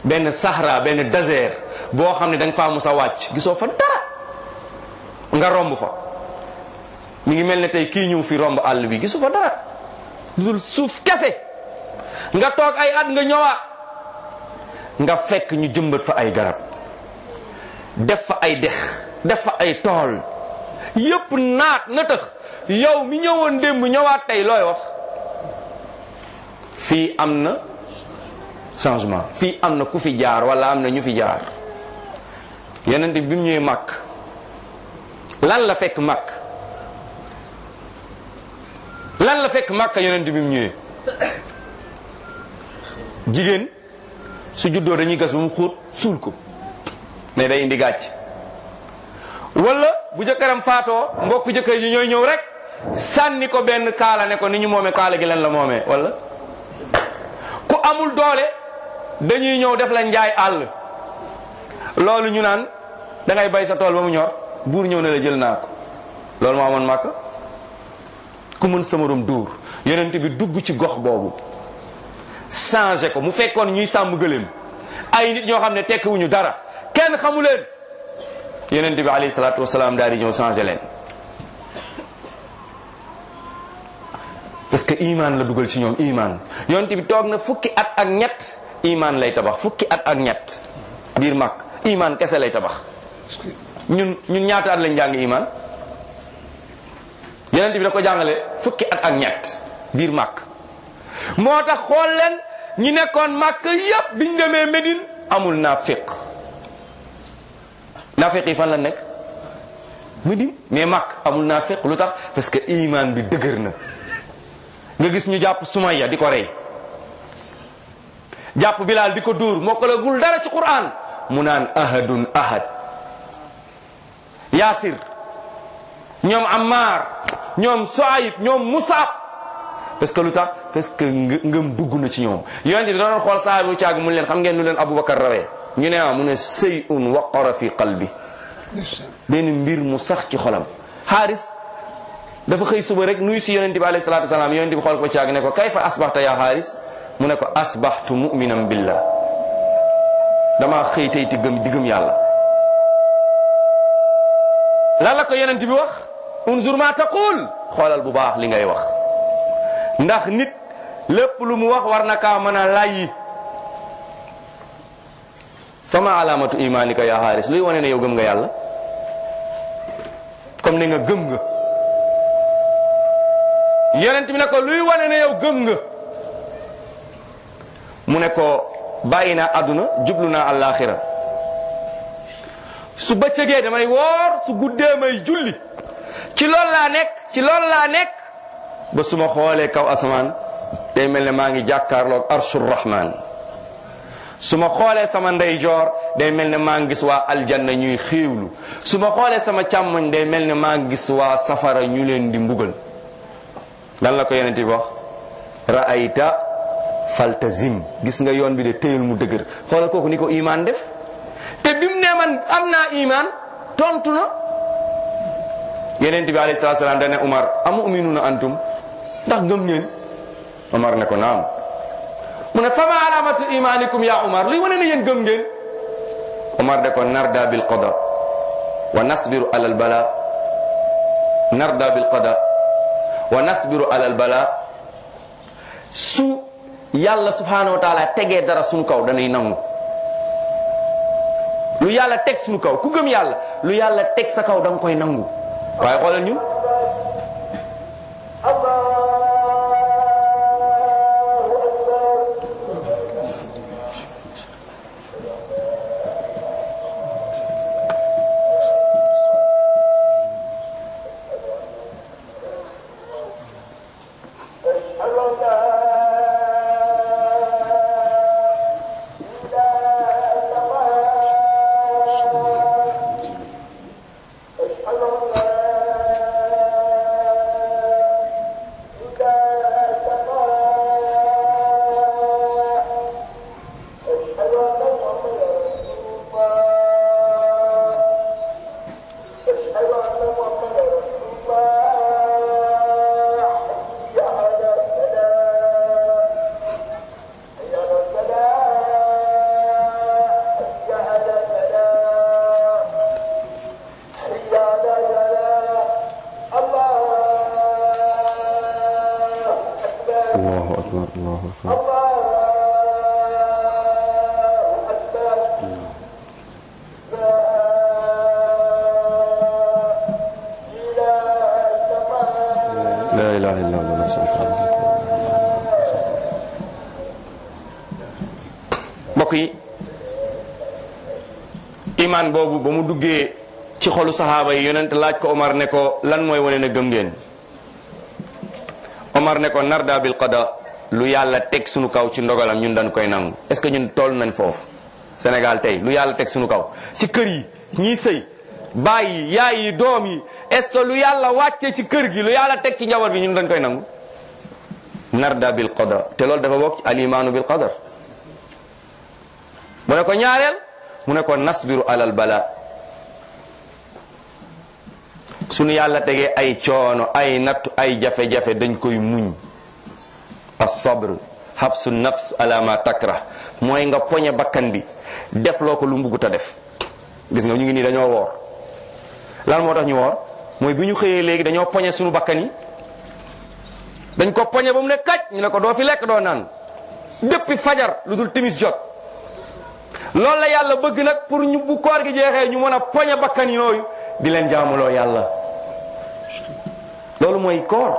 benn sahara benn deser boo xam ne da nga faa musa wàcc gisoo fa dara nga romb fa mu ngi mel ne tey kii ñëw fi romb àll bi gisu fa dara suuf kese nga toog ay at nga ñëwaat nga fekk ñu jëmbat fa ay garab def fa ay dex def fa ay tool yépp naat na tax yow mi ñëwoon démb ñëwaat tey looy wax fii am na changement fii am na ku fi jaar wala am na ñu fi jaar yeneen bi mu ñëwee màkk lan la fekk màkk lan la fekk màkk yeneen bi mu ñëwee jigéen su juddoo dañuy gas bu mu xóot suul ko ne day indi gàcc wala bu jëkkëram faatoo mbokk jëkkër yi ñooy ñëw rek sànni ko benn kaala ne ko ni ñu moome kaala gi lan la moomee wala ku amul doole dañuy ñëw def la njaay àll loolu ñu naan dangay ngay bay sa tool ba mu ñor buur ñëw ne la jël naa ko loolu moo amoon màkk ku mën samarum duur yonent bi dugg ci gox boobu changé ko mu fekkoon ñuy sàmm gëléem ay nit ñoo xam ne tekkiwuñu dara kenn xamu leen yonent bi alayhi salaatu wasalaam daal di ñëw changé leen parce que iman la dugal ci ñoom imaan yonent bi toog na fukki at ak ñett imaan lay tabax fukki at ak ñett biir mag imaan kese lay tabax ñun ñun ñaata at lañ jàng imaan yonent bi da ko jàngale fukki at ak ñett biir màkk moo tax xool leen ñi nekkoon màkk yépp biñ demee Medine amul naafiq naafiq yi fan la nekk Medine mais màkk amul naafiq lu tax parce que imaan bi dëgër na nga gis ñu jàpp Sumayya di ko rey jàpp bilaal di ko dóor mokkalagul dara ci quran mu naan ahadun ahad yaasir ñoom ammar ñoom soayib ñoom musaab parce que lu tax parce que ngëm dugg na ci ñoom yonent bi danoon xool sahaaba bu caag mu leen xam geen nu leen aboubacar rawee ñu ne ah mu ne seyun waqara fi qalbi benn mbir mu sax ci xolam xaaris dafa xëy suba rek nuy si yonent bi alayhi salaatu wasalaam yonent bi xool ko caag ne ko kayfa asbaxta yaa xaaris mu ne ko asbaxtu muminan billah damaa xëy tey ti gëm di gëm yàlla lan la ko yonent bi wax unzur ma taqul xoolal bu baax li ngay wax ndax nit lépp lu mu wax war na kaa mën a layyi fama alaamatu imaanika yaa xaaris luy wane ne yow gëm nga yàlla comme ne nga gëm nga yonent bi ne ko luy wane ne yow gëm nga mu ne ko bàyyi naa àdduna jublu naa àllaaxira su bëccëgee damay woor su guddee may julli ci loolu laa nekk ci loolu laa nekk ba su ma xoolee kaw asamaan day mel ne maa ngi jàkkaarloog arshur rahman su ma xoolee sama ndeyjoor day mel ne maa ngi gis waa aljanna ñuy xiiwlu su ma xoolee sama càmmoñ day mel ne maa ngi gis waa safara ñu leen di mbugal lan la ko yonent bi wax ra'ayta faltazim gis nga yoon bi de téyal mu dëgër xoolal kooku ni ko imaan def te bim ne man am naa imaan tontu na yeneen bi alayhi salaam dane Umar amu uminuna antum ndax ngëm ngeen ne ko naam mu ne fama alamatu imaanikum ya Umar luy wane ne yéen gëm ngeen de ko narda bil qada wa nasbiru ala al bala narda bil qada wa ala al yàlla subhaanahu wa taala tegee dara suñu kaw dañuy nangu lu yàlla teg suñu kow ku gëm yàlla lu yàlla teg sa kaw danga koy nangu waaye xoolal ñu alquran boobu ba mu duggee ci xolu saxaaba yi yonent laaj ko Omar ne ko lan mooy wane na gëm ngeen Omar ne ko narda bil qada lu yàlla teg sunu kaw ci ndogalam ñun dañ koy nangu est ce que ñun tool nañ foofu Sénégal tey lu yàlla teg sunu kaw ci kër yi ñiy sëy bàyyi yi yi doom yi est lu yàlla wàcce ci kër gi lu yàlla teg ci njaboot bi ñun dañ koy nangu narda bil qada te loolu dafa bokk ci alimaanu bil qadar mu ne ko ñaareel mu ne ko nasbiru alal bala sunu yàlla tegee ay coono ay natt ay jafe-jafe dañ koy muñ as-sabr habsu nafs ala ma takrah mooy nga poñe bakkan bi def loo ko lu mbugut a def gis nga ñu ngi nii dañoo woor lan moo tax ñu woor mooy bu ñu xëyee léegi dañoo poñe suñu bakkan yi dañ ko poñe ba mu ne kaj ñu ne ko doo fi lekk doo naan depuis fajar lu dul timis jot loolu la yàlla bëgg nag pour ñu bu koor gi jeexee ñu mën a poñe bakkan yooyu di leen jaamuloo yàlla loolu mooy koor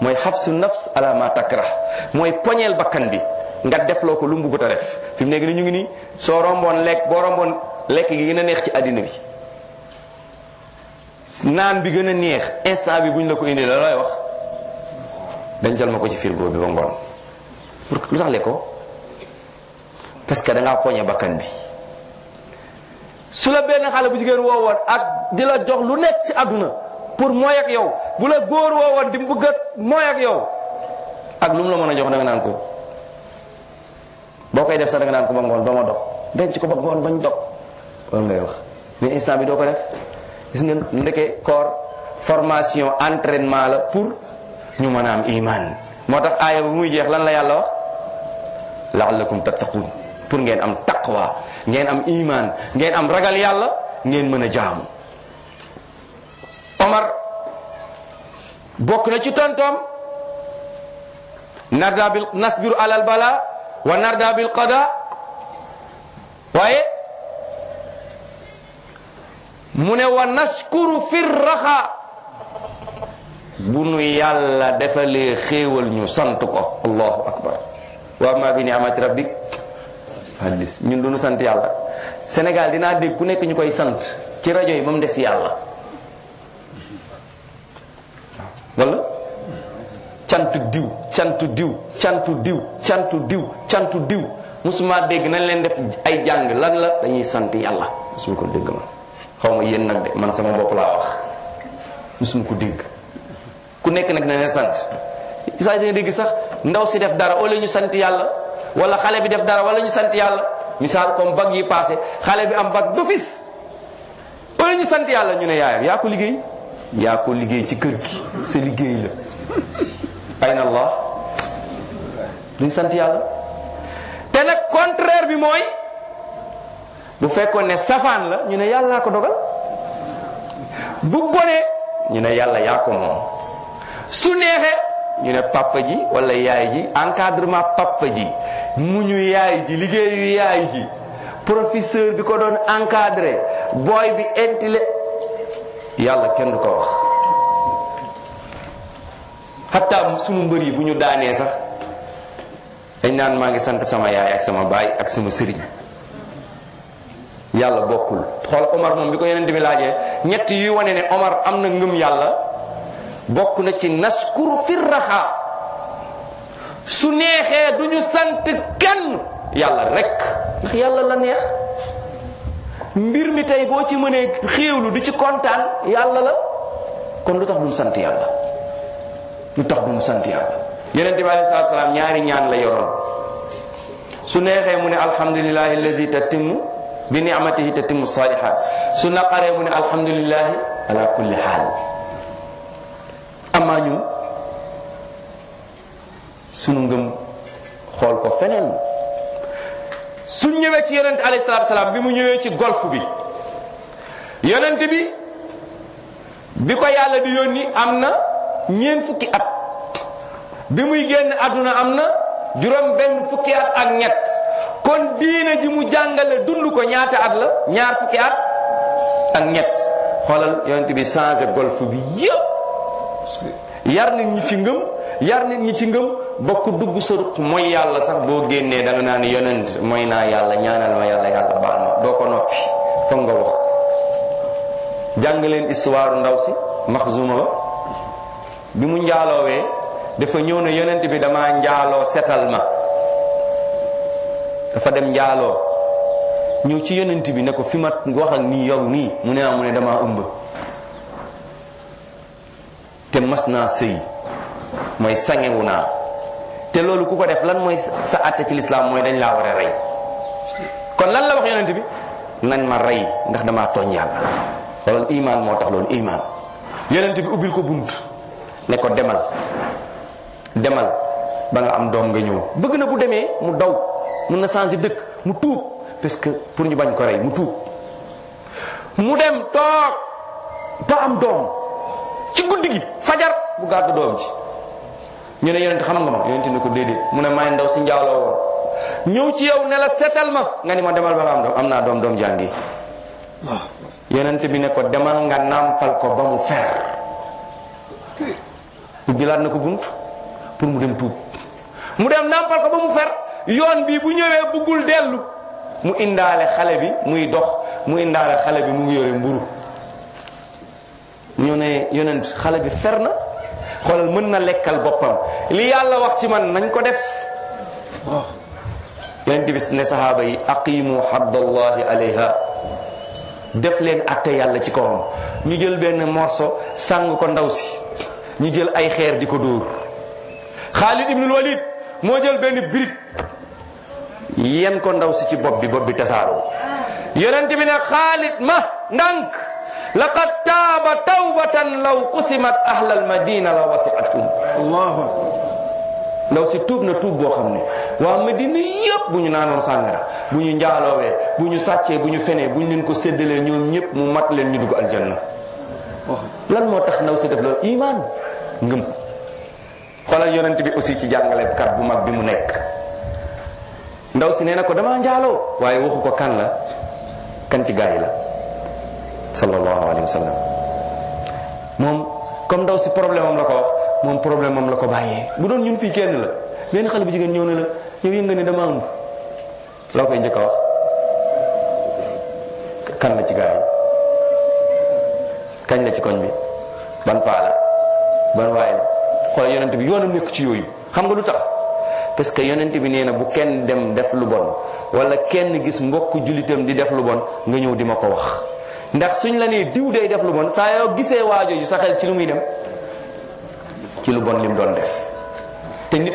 mooy xabsu nafs ala ma takrah mooy poñeel bakkan bi nga def loo ko lu mu bëggut a def fi mu nekk ni ñu ngi nii soo romboon lekk boo romboon lekk gi gën a neex ci àddina bi naan bi gën a neex instant bi bu ñu la ko indi la lay wax dañ jël ma ko ci firgo bi ba ngoon lu tax lekkoo parce que da bàkkan poñe bakkan bi su la benn xale bu jigéen woowoon ak di la jox lu nekk ci àdduna pour mooy ak yow bu la góor woowoon di mu bëgg a mooy ak yow ak lu mu la mën a jox da nga ko boo koy def sax da nga naan ko ba ngoon ba ma dog denc ko ba ngoon bañ dog loolu ngay wax mais instant bi doo ko def gis la pour ñu mën a am iman moo tax aaya bu muy jeex lan la yàlla wax la'allakum tattaqun pour ngeen am taqwa ngeen am iman ngeen am ragal yàlla ngeen mën a jaamu Omar bokk na ci tontoom narda bil nasbiru alal bala wa narda bil qada waaye mu ne wa nashkuru fir raxa bu nu yàlla defalee xéewal ñu sant ko allahu akbar wa ma bi ni'mati rabbik xaalis ñun du ñu sant yàlla Sénégal dinaa dégg ku nekk ñu koy sant ci rajo yi ba des yàlla wala cantu diw cantu diw cantu diw cantu diw cantu diw musuma dégg nañ leen def ay jàng lan la dañuy sant yàlla musuma ko xaw ma yéen nag de man sama bopp laa wax musuma ko dégg ku nekk nag na leen sant saa dégg sax ndaw si def dara au lieu ñu sant yàlla wala xale bi def dara wala ñu sant yàlla misaal comme bag yi passé xale bi am bag d'office wala ñu sant yàlla ñu ne yaayam yaa ko liggéey yaa ko liggéey ci kër gi sa liggéey la na allah duñ sant yàlla te nag contraire bi mooy bu fekkoon ne safaan la ñu ne yàllaa ko dogal bu bonee ñu ne yàlla yaa ko moom su neexee ñu ne papa ji walla yaay ji encadrement papa ji ñu yaay ji liggéeyu yaay ji professeur bi ko doon encadré booy bi intile yàlla kenn du ko wax xatta sunu mbër yi bu ñu daanee sax dañ naan maa ngi sant sama yaay ak sama baay ak sama sëriñ yàlla bokkul xool Omar moom bi ko yeneen bi laajee ñett yuy wane ne Omar am na ngëm yàlla bokk na ci naskuru firraxa su neexee du ñu sant kenn yàlla rek ndax yàlla la neex mbir mi tey boo ci mënee xéewlu di ci kontaan yàlla la kon lu tax duñ sant yàlla lu tax duñ sant yàlla yonent bi alei ñaari ñaan la yoroon su neexee mu ne alhamdulilahi allazi tatimmu bi ni'matihi tatimmu salihat su naqaree mu ne alhamdulilahi sunu ngëm xool ko feneen suñ ñëwee ci yonent alayhi salaatu salaam bi mu ñëwee ci golf bi yonent bi bi ko yàlla di yónni am na ñeent fukki at bi muy génn àdduna am na juróom benn fukki at ak ñett kon diine ji mu jàngale dund ko ñaata at la ñaar fukki at ak ñett xoolal yonent bi changé golf bi yëpp yar nit ñi ci ngëm yar nit ñi ci ngëm bokk ku dugg sa ruq mooy yàlla sax boo génnee da naa ne yonent mooy naa yàlla ñaanal ma yàlla yàlla baal ma doo ko noppi foog nga wax jàng leen histoire ndaw si maxzuma bi mu njaaloowee dafa ñëw ne yonent bi dama njaaloo setal ma dafa dem njaaloo ñëw ci yonent bi ne ko fi ma wax ak nii yow nii mu ne ah, mu ne dama ëmb te mas naa sëy mooy sangewu naa te loolu ku ko def lan mooy sa àtte ci lislaam mooy dañ laa war a rey kon lan la wax yonent bi nañ ma rey ndax damaa tooñ yàlla loolu imaan moo tax loolu imaan yonent bi ubbil ko bunt ne ko demal demal ba nga am doom nga ñëw bëgg na bu demee mu daw mun na changer dëkk mu tuub parce que pour ñu bañ ko rey mu tuub mu dem toog ba am doom ci guddi gi fajar bu gàddu doom ji ñu ne yonente xam nga ma yonente ne ko déedéet mu ne maay ndaw si njaaloo woon ñëw ci yow ne la setal ma nga ni ma demal ba nga am doom am naa doom doom jàngi yonente bi ne ko demal nga nàmpal ko ba mu fer ubbilaat na ko bunt pour mu dem tuub mu dem nàmpal ko ba mu fer yoon bii bu ñëwee bëggul dellu mu indaale xale bi muy dox mu indaale xale bi mu ngi yore mburu ñu ne yonent xale bi fer na xoolal mën na lekkal boppam li yàlla wax ci man nañ ko def oh. yonent bi ne sahaaba yi aqimu xaddallahi alayha def leen atte yàlla ci kawam ñu jël benn morso sàng ko ndaw si ñu jël ay xeer di ko dóor Xaalid ibnul Walid moo jël benn birig yen ko ndaw si ci bopp bi bopp bi tasaaroo yonent bi ne Xaalid ma ndànk laqad taaba tawbatan law qusimat ahlal madina la wasi'athum allahu ndaw si tuub na tuub boo xam ne waa Medina yëpp bu ñu naanoon sàngara bu ñu njaaloowee bu ñu sàccee bu ñu fenee bu ñu leen ko séddalee ñoom ñëpp mu mat leen ñu dugg aljanna lan moo tax ndaw si def loolu imaan ngëm xoolal yonent bi aussi ci jàngalekat bu mag bi mu nekk ndaw si nee na ko damaa njaaloo waaye waxu ko kan la kan ci gaa yi la sallallahu alayhi wa sallam moom comme ndaw si problème am la ko moom problème am la ko bàyyee bu doon ñun fii kenn la benn xale bu jigéen ñëw ne la yow yënga ne dama ëmb loo koy njëkk wax kan la ci gaay kañ la ci koñ bi ban paa la ban waay la xool yonent bi yoonam nekk ci yooyu xam nga lu tax parce que yonent bi nee na bu kenn dem def lu bon wala kenn gis mbokk jullitam di def lu bon nga ñëw di ma ko wax ndax suñ la nee diw day def lu bon saa yoo gisee waajo yu sa xel ci lu muy dem ci lu bon lim doon def te nit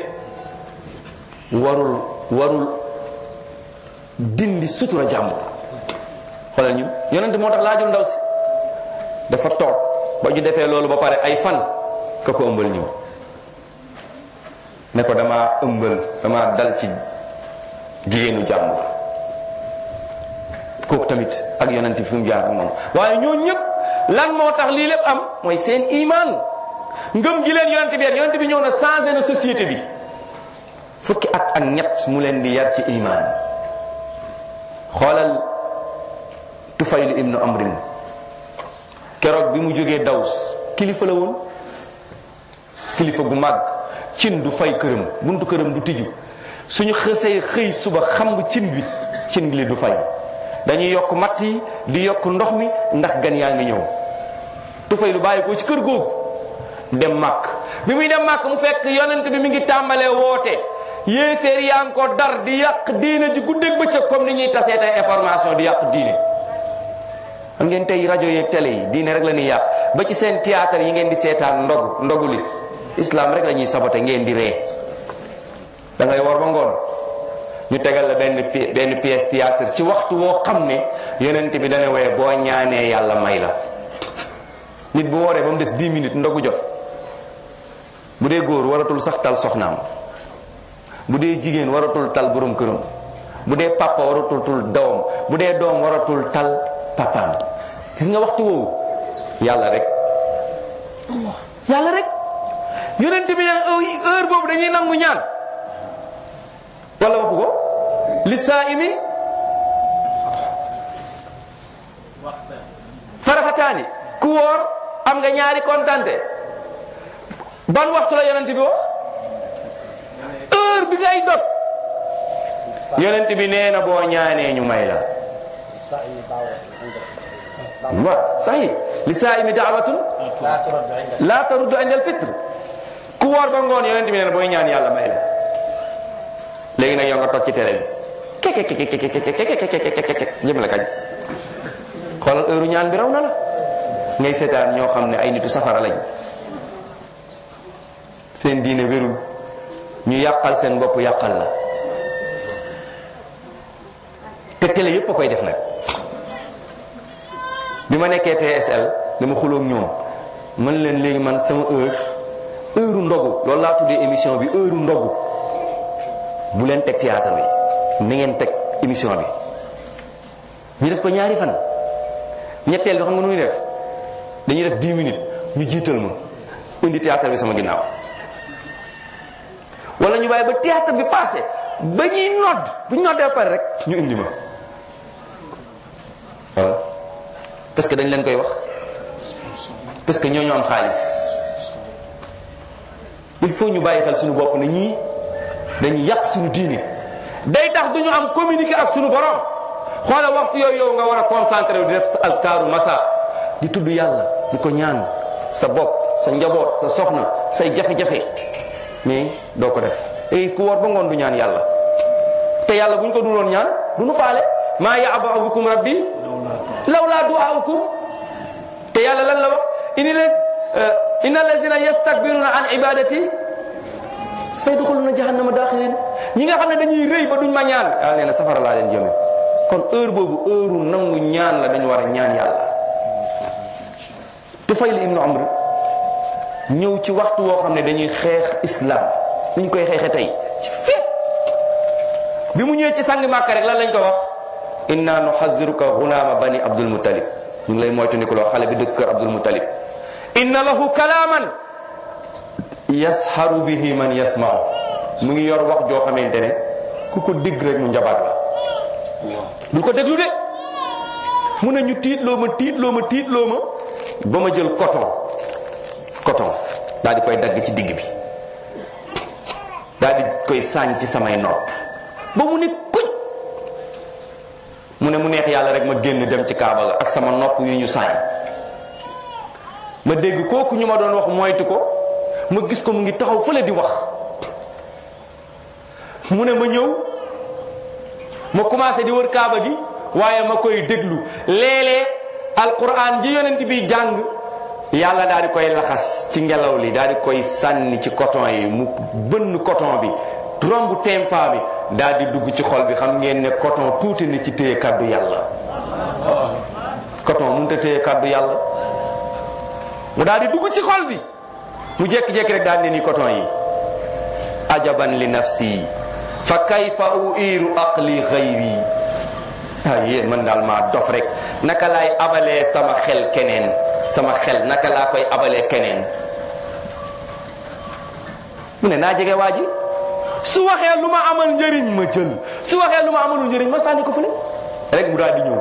warul warul dindi sutura jàmbur xoolal ñun yonent moo tax laajul ndaw si dafa toog ba ñu defee loolu ba pare ay fan ka ko ëmbal ñëw ne ko dama ëmbal dama dal ci jigéenu jàmbur kooku tamit ak yonent fi mu jaar moom waaye ñoo ñëpp lan moo tax lii lépp am mooy seen iman ngëm gi leen yonent bi yonent bi ñëw na changé na société bi fukki at ak ñett mu leen di yar ci iman xoolal tufaylu ibnu amrin keroog bi mu jógee daws kilifa la woon kilifa gu mag cin du fay këram buntu këram du tiju suñu xësee xëy suba xam cin bi cin li du fay dañuy yokk matt yi di yokk ndox mi ndax gan yaa ngi ñëw tufay lu bàyyi ko ci kër googu dem màkk bi muy dem màkk mu fekk yonent bi mi ngi tàmbalee woote yéeféer yaa ngi ko dar di yàq diine ji guddeeg bëccëg comme ni ñuy tasee tey information di yàq diine xam ngeen tey rajo yeeg tele yi diine rek la ñuy yàq ba ci seen théâtre yi ngeen di seetaan ndogu ndogu li islam rek la ñuy sabote ngeen di ree dangay ngay war ba ngoon ñu tegal la benn benn pièce théâtre ci waxtu woo xam ne yonent bi dana wooye boo ñaanee yàlla may la nit bu wooree ba mu des 10 minutes ndogu jot bu dee góor waratul sax tal soxnaam bu dee jigéen waratul tal borom këram bu dee papa waratul tul doom bu dee doom waratul tal papaam gis nga waxtu woowu yàlla rek yàlla rek yonent bi nag heure boobu dañuy nangu ñaan li saa'imi tarafataani ku wóor am nga ñaari kontante ban waxtu la yonent bi wax heure bi ngay dog yonent bi nee na boo ñaanee ñu may la waaw sahi li saa'imi da'watun laa taruddu inda al ku wóor ba ngoon yonent bi nee na booy yàlla may la léegi nag yow nga toog ci télé jëm la kañ xoolal heure ñaan bi raw na la ngay seetaan ñoo xam ne ay nitu safara lañ seen diine wérul ñu yàqal seen bopp yàqal la te télé yépp a koy def nag bi ma nekkee TSL dama xuloog ñoom man leen léegi man sama heure heure ndogu loolu laa tuddee émission bi heure ndogu bu leen teg théâtre bi ni ngeen teg émission bi ñu def ko ñaari fan ñetteel bi xam nga nu ñuy def dañuy def 10 minutes ñu jiital ma indi théâtre bi sama ginnaaw wala ñu bàyyi ba théâtre bi passé ba ñuy nodd bu ñu noddee pare rek ñu indi ma voilà parce que dañ leen koy wax parce que ñoo ñu am xaalis il faut ñu bàyyi xel suñu bopp na ñii dañuy yàq suñu diine day tax du ñu am communiquer ak sunu borom xoola waxtu yooyu yow nga war a concentré wu di def sa askaaru masa di tudd yàlla di ko ñaan sa bopp sa njaboot sa soxna say jafe-jafe mais doo ko def et ku war ba ngoon du ñaan yàlla te yàlla bu ñu ko duloon ñaan du nu faale maa yaaba abukum rabbi lawlaa du'aaukum te yàlla lan la wax inna euh, lazina yastakbiruna an ibadati fa yadxuluuna jahannama daaxiriin ñi nga xam ne dañuy rëy ba duñ ma ñaan yàlla nee na safara laa leen jëme kon heure boobu heure nangu ñaan la dañu war a ñaan yàlla Tufayl ibnu Amr ñëw ci waxtu woo xam ne dañuy xeex islam niñ koy xeexe tey ci bi mu ñëwee ci sàngi Màkka rek lan lañ ko wax inna nuhazziruka ghulaama bani Abdul Muttalib ñu ngi lay moytu ni ko loo xale bi dëkk kër Abdul Muttalib inna lahu kalaaman yasharu bihi man ma mu ngi yor wax joo xamante ne ku ko dégg rek mu njabaat la du ko déglu de mu ne ñu tiitloo ma tiitloo ma tiitloo ma ba ma jël coton coton daal di koy dagg ci digg bi daal di koy saañ ci samay nopp ba mu ne kuj mu ne mu neex yàlla rek ma génn dem ci kaaba ak sama nopp yu ñu saañ ma dégg kooku ñu ma doon wax moytu ko ma gis ko mu ngi taxaw fële di wax mu ne ma ñëw ma commencé di wër kaaba gi waaye ma koy déglu léeg-léeg alquran ji yonent bi jàng yàlla daal di koy laxas ci ngelaw li daal di koy sànni ci coton yi mu bënn coton bi romb tempa bi daal di dugg ci xol bi xam ngeen ne coton tuuti na ci téye kàddu yàlla coton mënut a téye kàddu yàlla mu daal di dugg ci xol bi mu jékki-jékki rek daal ne ni coton yi ajaban li nafsi fa kayfa uiru aqli xayri ay yéen man daal maa dof rek naka laay abalee sama xel keneen sama xel naka laa koy abalee keneen mu ne naa jege waa ji su waxee lu ma amal njëriñ ma jël su waxee lu ma amalul njëriñ ma sànni ko fële rek mu daal di ñëw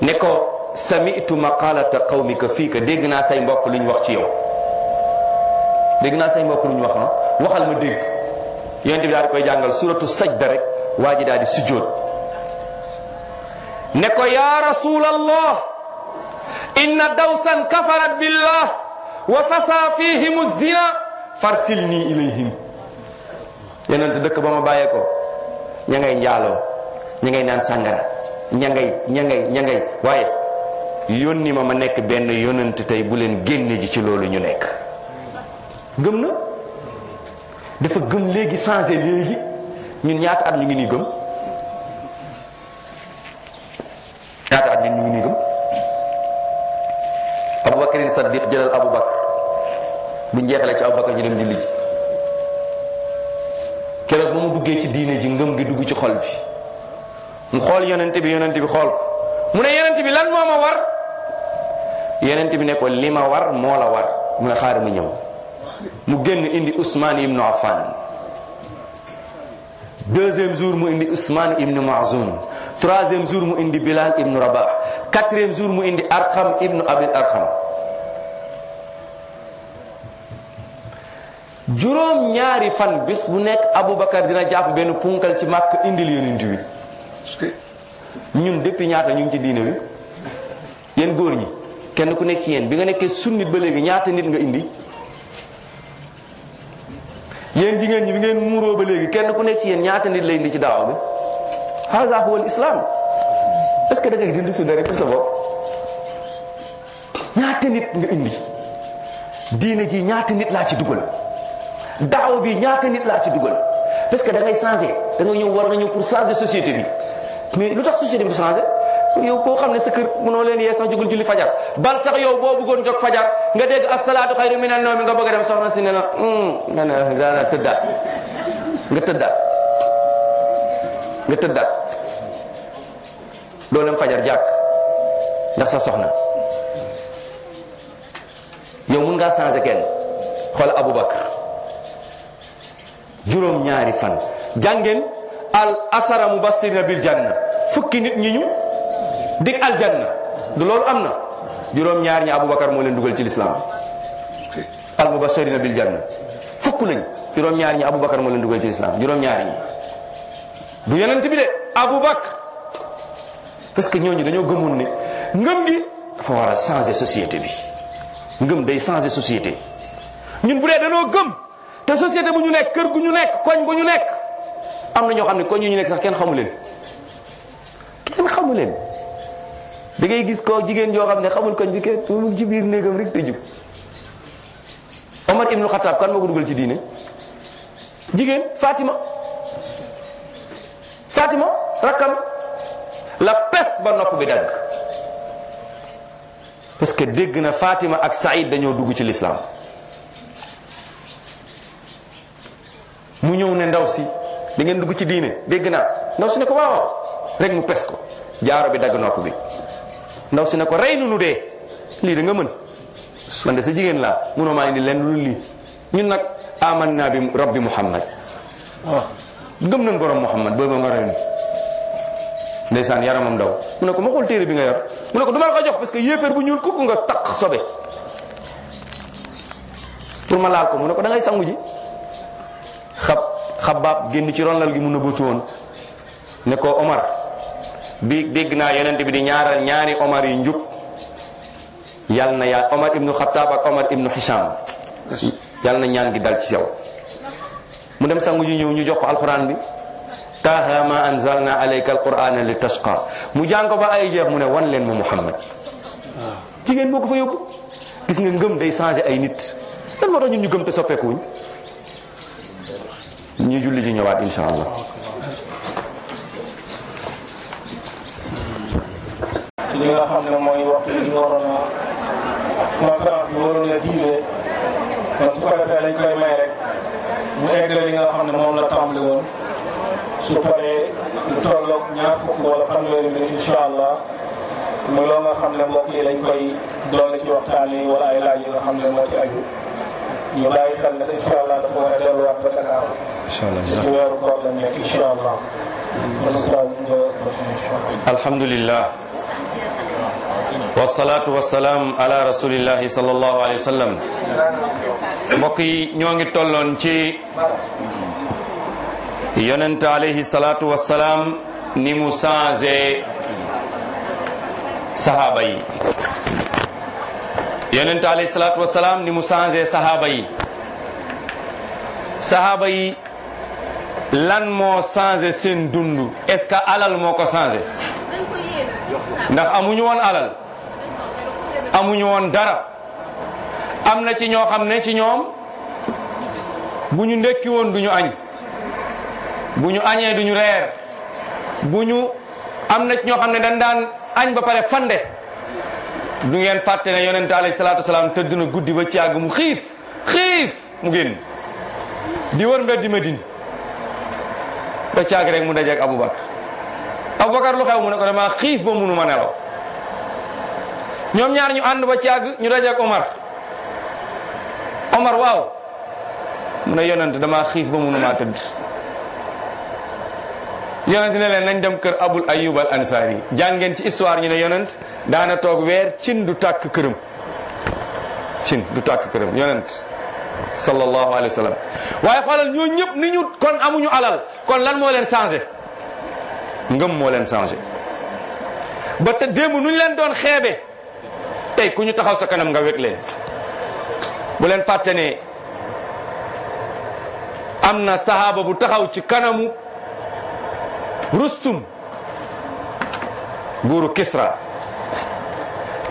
ne ko sami'tu maqalata qawmika fii ko dégg naa say mbokk lu ñu wax ci yow dégg naa say mbokk lu ñu wax ah waxal ma dégg yonent bi daal koy jàngal suratu sajda rek waa ji daal di sujjóot ne ko yaa rasulallah inna dawsan kafarat billah wa fasa fihim zina farsilni ilayhim yonent dëkk ba ma bàyyee ko ña ngay njaaloo ña ngay naan sàngara ña ngay ña ngay waaye yónni ma ma nekk benn yonent tey bu leen génne ji ci loolu ñu nekk gëm na dafa gëm léegi changé léegi ñun ñaata at ñu ngi nii gëm ñaata at ñun ñu ngi nii gëm Abubakar Saddiq jëlal Abubakar bu njeexalee ci Abubakar ñu dem julli ji keroog ba mu duggee ci diine ji ngëm gi dugg ci xol bi mu xool yonente bi yonente bi xool ko mu ne bi lan moo ma war yonente bi ne li ma war moo la war mu ne xaar ma ñëw mu génn indi Ousmane ibnu Affan deuxième jour mu indi Ousmane ibnu Mazoun troisième jour mu indi Bilal ibnu Rabah quatrième jour mu indi Arqam ibnu Abil Arqam juróom ñaari fan bis bu nekk Aboubacar dina jàpp benn punkal ci màkk indil yonent wi ñun depuis ñaata ñu ngi ci diine bi yéen góor ñi kenn ku nekk ci yéen bi nga nekkee sunnit ba léegi ñaata nit nga indi yéen jigéen ñi bi ngeen muuroo ba léegi kenn ku nekk ci yéen ñaata nit lay indi ci daawa bi haza huwa al islam est que da ngay dindi sunna rek pour sa bopp nit nga indi diina ji ñaata nit laa ci dugal daawa bi ñaata nit laa ci dugal parce que da ngay changer da nga ñëw war nga pour changer société bi mais lu tax société bi du changer yow koo xam ne sa kër mënoo leen yee sax jógal julli fajar bal sax yow boo bëggoon jóg fajar nga dégg asalaatu xayru minan nawmi nga bëgg a dem soxna si ne la hmm, nga daana tëddaat nga tëddaat nga tëddaat doo dem fajar jàkk ndax sa soxna yow mun ngaa changé kenn xool Aboubacar juróom ñaari fan jàngeen al asara mubassirina bil janna fukki nit ñi ñu dig aljanna du loolu am na juróom-ñaar ñi Aboubacar moo leen dugal ci lislaam al mubashirina bil janna fukk lañ juróom-ñaar ñi Aboubacar moo leen dugal ci lislaam juróom-ñaar ñi du yonent bi de Aboubacar parce que ñooñu dañoo gëmoon ni ngëm gi dafa war a changer société bi ngëm day changer société ñun bu dee dañoo gëm te société bu ñu nekk kër gu ñu nekk koñ bu ñu nekk am na ñoo xam ne koñ yu ñu nekk sax kenn xamu leen kenn xamu leen da ngay gis ko jigéen yoo xam ne xamul ko njëkkee mu ci biir néegam rek tëju Omar ibnu Xataab kan moo ko dugal ci diine jigéen Fatima Fatima rakkam la pes ba nopp bi dagg parce dégg na Fatima ak Saïd dañoo dugg ci lislaam mu ñëw ne ndaw si da dugg ci diine dégg naa ndaw si ne ko waaw rek mu pes ko jaaro bi dagg nopp bi ndaw si ne ko rey nu nu dee lii da nga mën man de sa jigéen laa munoo maa indi lenn lu lii ñun nag aman naa bi rabbi muhammad waaw ah. gëm nañ borom muhammad booba nga rey nu ndeysaan yaramam daw mu ne ko ma xool téere bi nga yor mu ne ko du la ko jox parce que yéeféer bu ñuul kukku nga ma laal ko mu ne ko sangu ji xab xabaab génn ci lal gi mu nëbbatu woon ne ko Omar bi dégg naa yonent bi di ñaaral ñaari Omar yu njub yal na yàlla Omar ibnu Xattaab Omar ibnu Hicham yal na ñaan gi dal ci yow. mu dem sangu ñu ñëw ñu jokko ko alquran bi taaha ma anzalna alayka alqurana li tashqa mu jàng ko ba ay jeex mu ne wan leen ma Muhammad jigéen boo ko fa yóbbu gis nga ngëm day changé ay nit lan moo tax ñun ñu gëm te soppeekuwuñ ñu julli ji ñëwaat insha allah li nga xam ne mooy waxtu bi waroon a conférence bi waroon a diire nga su ko defee lañ koy may rek mu egg li nga xam ne moom la tàmbali woon su paree lu tolloog ñaar fukk wala fanweeri bi incha allah mu loo nga xam ne mbokk yi lañ koy doole ci waxtaan yi wala ay laaj yi nga xam ne moo ci aju ñu bàyyi xel nag incha allah dafa war a delluwaat ba Dakar. incha allah ci weeru koor lañ nekk incha allah. alhamdulillah wasalaatu wasalaam ala rasulillahi sallallahu alayhi wa sallam mbokk yi ñoo ngi tolloon ci yonent alayhi salaatu wasalaam ni mu changé sahaaba yi yonent alayhi salaatu wasalaam ni mu changé sahaaba yi sahaaba yi lan moo changé seen dund est-ce que alal moo ko changé ndax amuñu woon alal amuñu woon dara am na ci ñoo xam ne ci ñoom bu ñu ndekki woon du ñu añ bu ñu añee du ñu reer bu ñu am na ci ñoo xam ne dañ daan añ ba pare fande du ngeen fàtte ne yonente alayhi salaatu wasalaam tëdd na guddi ba ci àgg mu xiif xiif mu génn di wër mbeddi Medine ba caag rek mu dajeeg Aboubacar Aboubacar lu xew mu ne ko dama xiif ba munu ma nelaw ñoom ñaar ñu ànd ba ci àgg ñu dajeeg Omar Omar waaw mu ne yonent damaa xiif ba mënumaa tëdd yonent ne leen nañ dem kër Abul Ayyub al Ansari jàngeen ci histoire ñu ne yonent daana toog weer cin du takk këram cin du tàkk këram yonent sallallahu alayhi wa sallam waaye xoolal ñoo ñëpp ni ñu kon amuñu alal kon lan moo leen changé ngëm moo leen changé ba te démb nu ñu leen doon xeebe tey ku ñu taxaw sa kanam nga wég leen bu leen fàtte am na sahaaba bu taxaw ci kanamu rustum buuru Kisra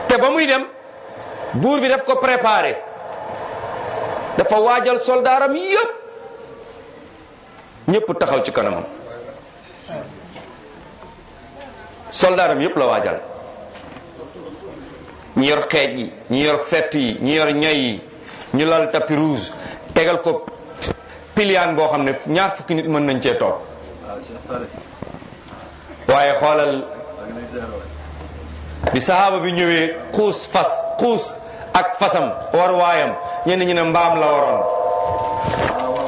te ba muy dem buur bi daf ko préparé dafa waajal soldaaram yëpp ñëpp taxaw ci kanamam soldaaram yëpp la waajal ñu yor xeej yi ñu yor fett yi ñu ñu lal tapis rouge tegal ko piliyaan boo xam ne ñaar fukki nit mën nañ cee toog waaye xoolal bi saxaaba bi ñëwee xuus fas xuus ak fasam war waayam ñenn ñi ne mbaam la waroon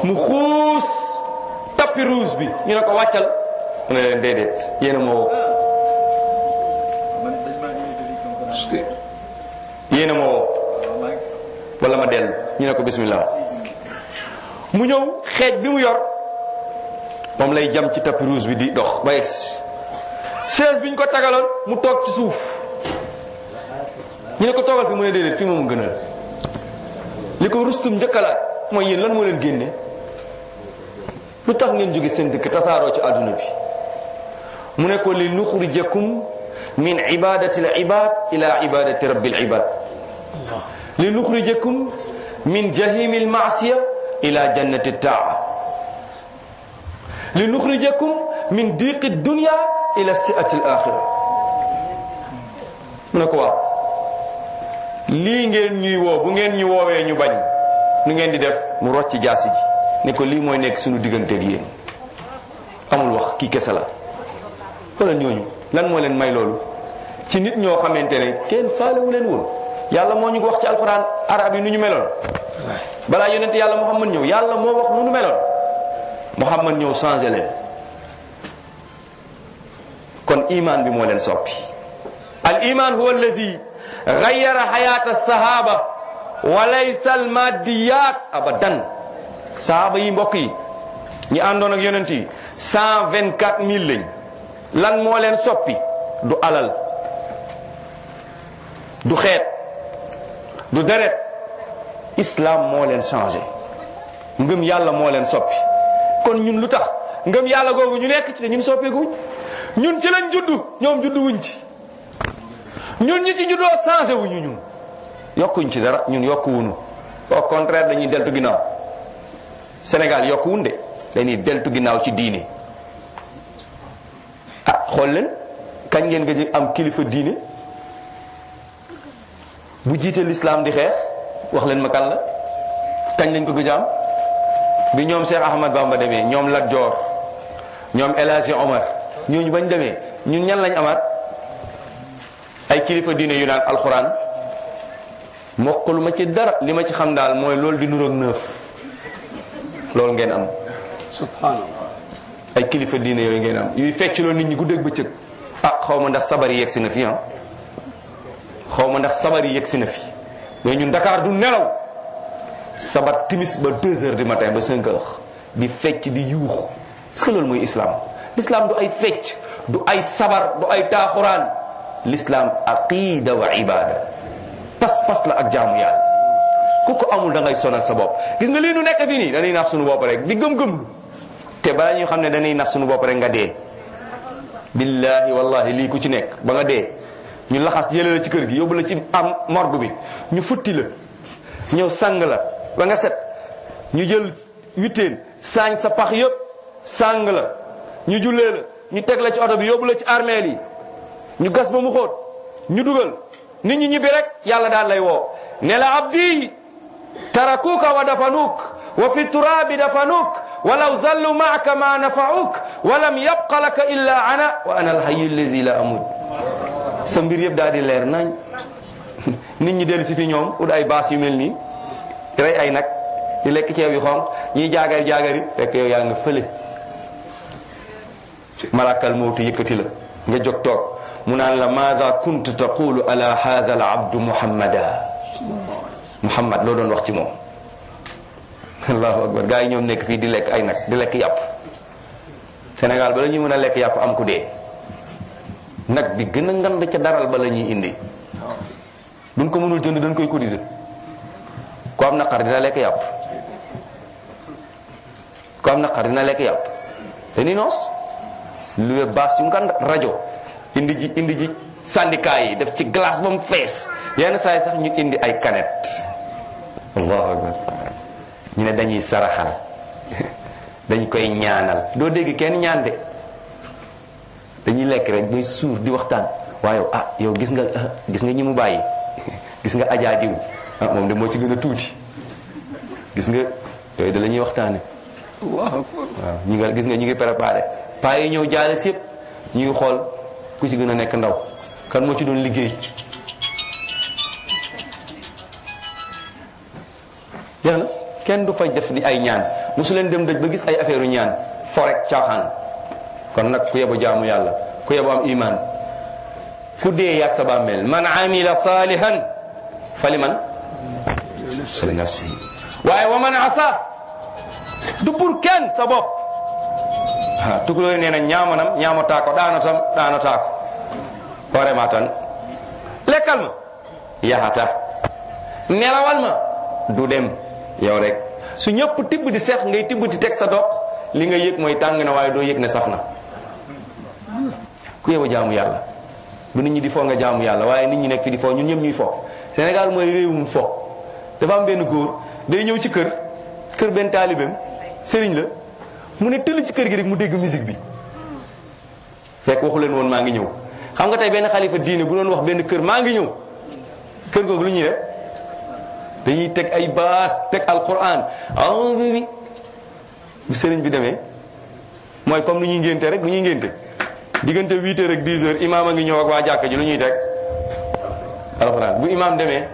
mu xuus tapis rouge bi ñu ne ko wàccal mu ne leen déedéet yéena moo yéen a ma woo ma dellu ñu ne ko bismillah mu ñëw xeej bi mu yor moom lay jam ci tapis bi di dox ba egsi sees bi ñu ko tagaloon mu toog ci suuf ñu ne ko toogal fi mu ne déedéet fi moom gënal li ko rustum njëkkalaat mooy yéen lan moo leen génne lu tax ngeen jóge seen dëkk tasaaroo ci àdduna bi mu ne ko li nuxrijakum min ibadati al ibad ila ibadati rabbil ibad li nuxrijakum min jahimil maasiya ila jannati taa li nuxrijakum min diiqi dunya ila siati l axira mu ne ko waaw lii ngeen ñuy woo bu ngeen ñu woowee ñu bañ nu ngeen di def mu rocci jaasi ji ni ko lii mooy nekk suñu digganteeg yéen amul wax kii kese la wala ñooñu lan moo leen may loolu ci nit ñoo xamante ne kenn faalewu leen woon yàlla moo ñu ko wax ci alxuraan arab yi nu ñu meloon balaa yonent yàlla Muhammad ñëw yàlla moo wax nu nu meloon Muhammad ñëw changé leen kon imaan bi moo leen soppi al iman huwa allazi gayyara xayaata sahaba wa laysa al maddiyat abadan sahaba yi mbokk yi ñu àndoon ak yonent yi cent vingt quatre mille lañ lan moo leen soppi du alal du xeet du deret islaam moo leen changé ngëm yàlla moo leen soppi kon ñun lu tax ngëm yàlla googu ñu nekk ci te ñun soppeeku ñun ci lañ juddu ñoom juddu wuñ ci ñun ñi ci juddoo changé wuñu ñun yokkuñ ci dara ñun yokku wuñu au contraire dañuy deltu ginnaaw Sénégal yokku wuñ de dañuy deltu ginnaaw ci diine ah xool leen kañ ngeen nga am kilifa diine bu jiitee lislaam di xeex wax leen ma kan la kañ lañ ko gëj am bi ñoom Cheikh Ahmad Bamba demee ñoom Lat Joor ñoom El Hadji Omar ñooñu bañ demee ñun ñan lañ amaat ay kilifa diine yu naan alxuraan mokkalu ma ci dara li ma ci xam daal mooy loolu di nuroog neuf loolu ngeen am. subhanallah ay kilifa diine yooyu ngeen am yuy fecc loolu nit ñi guddeeg bëccëg. ah xaw ma ndax sabar yegsi na fi ah. xaw ma ndax sabar yi yëg si na fi mais ñun Dakar du nelaw sabar timis ba 2 heures du ba 5 heures di fecc di yuux est-ce que loolu mooy islam du ay fecc du ay sabar du ay taaxuraan l'islam aqida wa ibada pas-pas la ak jaamu yàlla ku ko amul da ngay sonal sa bopp gis nga lii nu nekk fii nii dañuy nax suñu bopp rek di gëm-gëm te balaa ñuy xam ne dañuy nax suñu bopp rek nga dee billahi wallahi lii ku ci nekk ba nga dee ñu laxas jëlee la ci kër gi yóbbu la ci am morgue bi ñu futti la ñëw sang la ba nga set ñu jël witteen saañ sa pax yëpp sang la ñu jullee la ñu teg la ci oto bi yóbbu la ci armeel yi ñu gas ba mu xóot ñu dugal nit ñu ñibbi rek yàlla daal lay woo ne la abdi tarakuuka wa dafanuuk wa fi turaabi dafanuuk walaw zallu maaka ma nafauk walam yabqa laka illa ana wa ana alhayu allazi la amut sa mbir yëpp daal di leer nañ nit ñi dellu si fi ñoom ut ay baas yu mel nii rey ay nag di lekk ceeb yu xonq ñiy jaagari jaagari fekk yaa nga fële malakal mawtu yëkkati la nga jóg toog mu naan la maada kunta taqulu ala hada al abdu muhammad loo doon wax ci moom allahu akbar gaa yi ñoom nekk fii di lekk ay nag di lekk yàpp Sénégal bala ñuy mën a lekk yàpp am ku dee nag bi gën a ngand ca daral ba la ñuy indi duñ ko mënul jënd dañ koy cotiser ku am naqar dina lekk yàpp ku am naqar dina lekk yàpp dañuy noos luwe baas yu ngand rajo indi ji indi ji syndicat yi def ci glace ba mu fees yenn saa yi sax ñu indi ay kanet allahu akbar ñu ne dañuy saraxal dañ koy ñaanal doo dégg kenn ñaan de dañuy lekk rek bay suur di waxtaan waaye ah yow gis nga ah, gis nga ñi mu bàyyi gis nga ajaa diw ah moom de moo ci gën a tuuti gis nga yooyu da ñuy waxtaane waaw ñu nga gis nga ñu ngi préparé paa yi ñëw jaale si yëpp ñu ngi xool ku ci gën a nekk ndaw kan moo ci doon liggéey jeex kenn du faj def di ay ñaan mosu leen dem dëj ba gis ay affaire ñaan forek caaxaan kon nag ku yebu jaamu yàlla ku yebu am iman ku dee yàgg sa bàmmeel man amila salihan fa li man fali nafsihi waaye wa man asa du pour kenn sa bopp a tukulóori nee na ñaamanam ñaamataa ko daanatam daanataa ko warema tan lekkal ma yaxata nelawal ma du dem yow rek su ñëpp tibb di seex ngay tibb di teg sa dopp li nga yëg mooy tàng na waaye doo yëg ne sax ku yew a jaamu yàlla bu nit ñi di foo nga jaamu yàlla waaye nit ñi nekk di foo ñu ñëpp ñuy foo senegal mooy réewum foo dafa am benn góor day ñëw ci kër kër benn taalibeem sëriñ la mu ne tëll ci kër gi rek mu dégg musique bi fekk waxu leen woon maa ngi ñëw xam nga tey benn xalifa diine bu doon wax benn kër maa ngi ñëw kër googu lu ñuy def dañuy teg ay baas teg alquran bi bu sëriñ bi demee mooy comme ni ñuy ngénte rek lu ñuy ngénte diggante huit heures ak dix imaam a ngi ñëw ak waa jàkk ji lu ñuy teg alxuraan bu imaam demee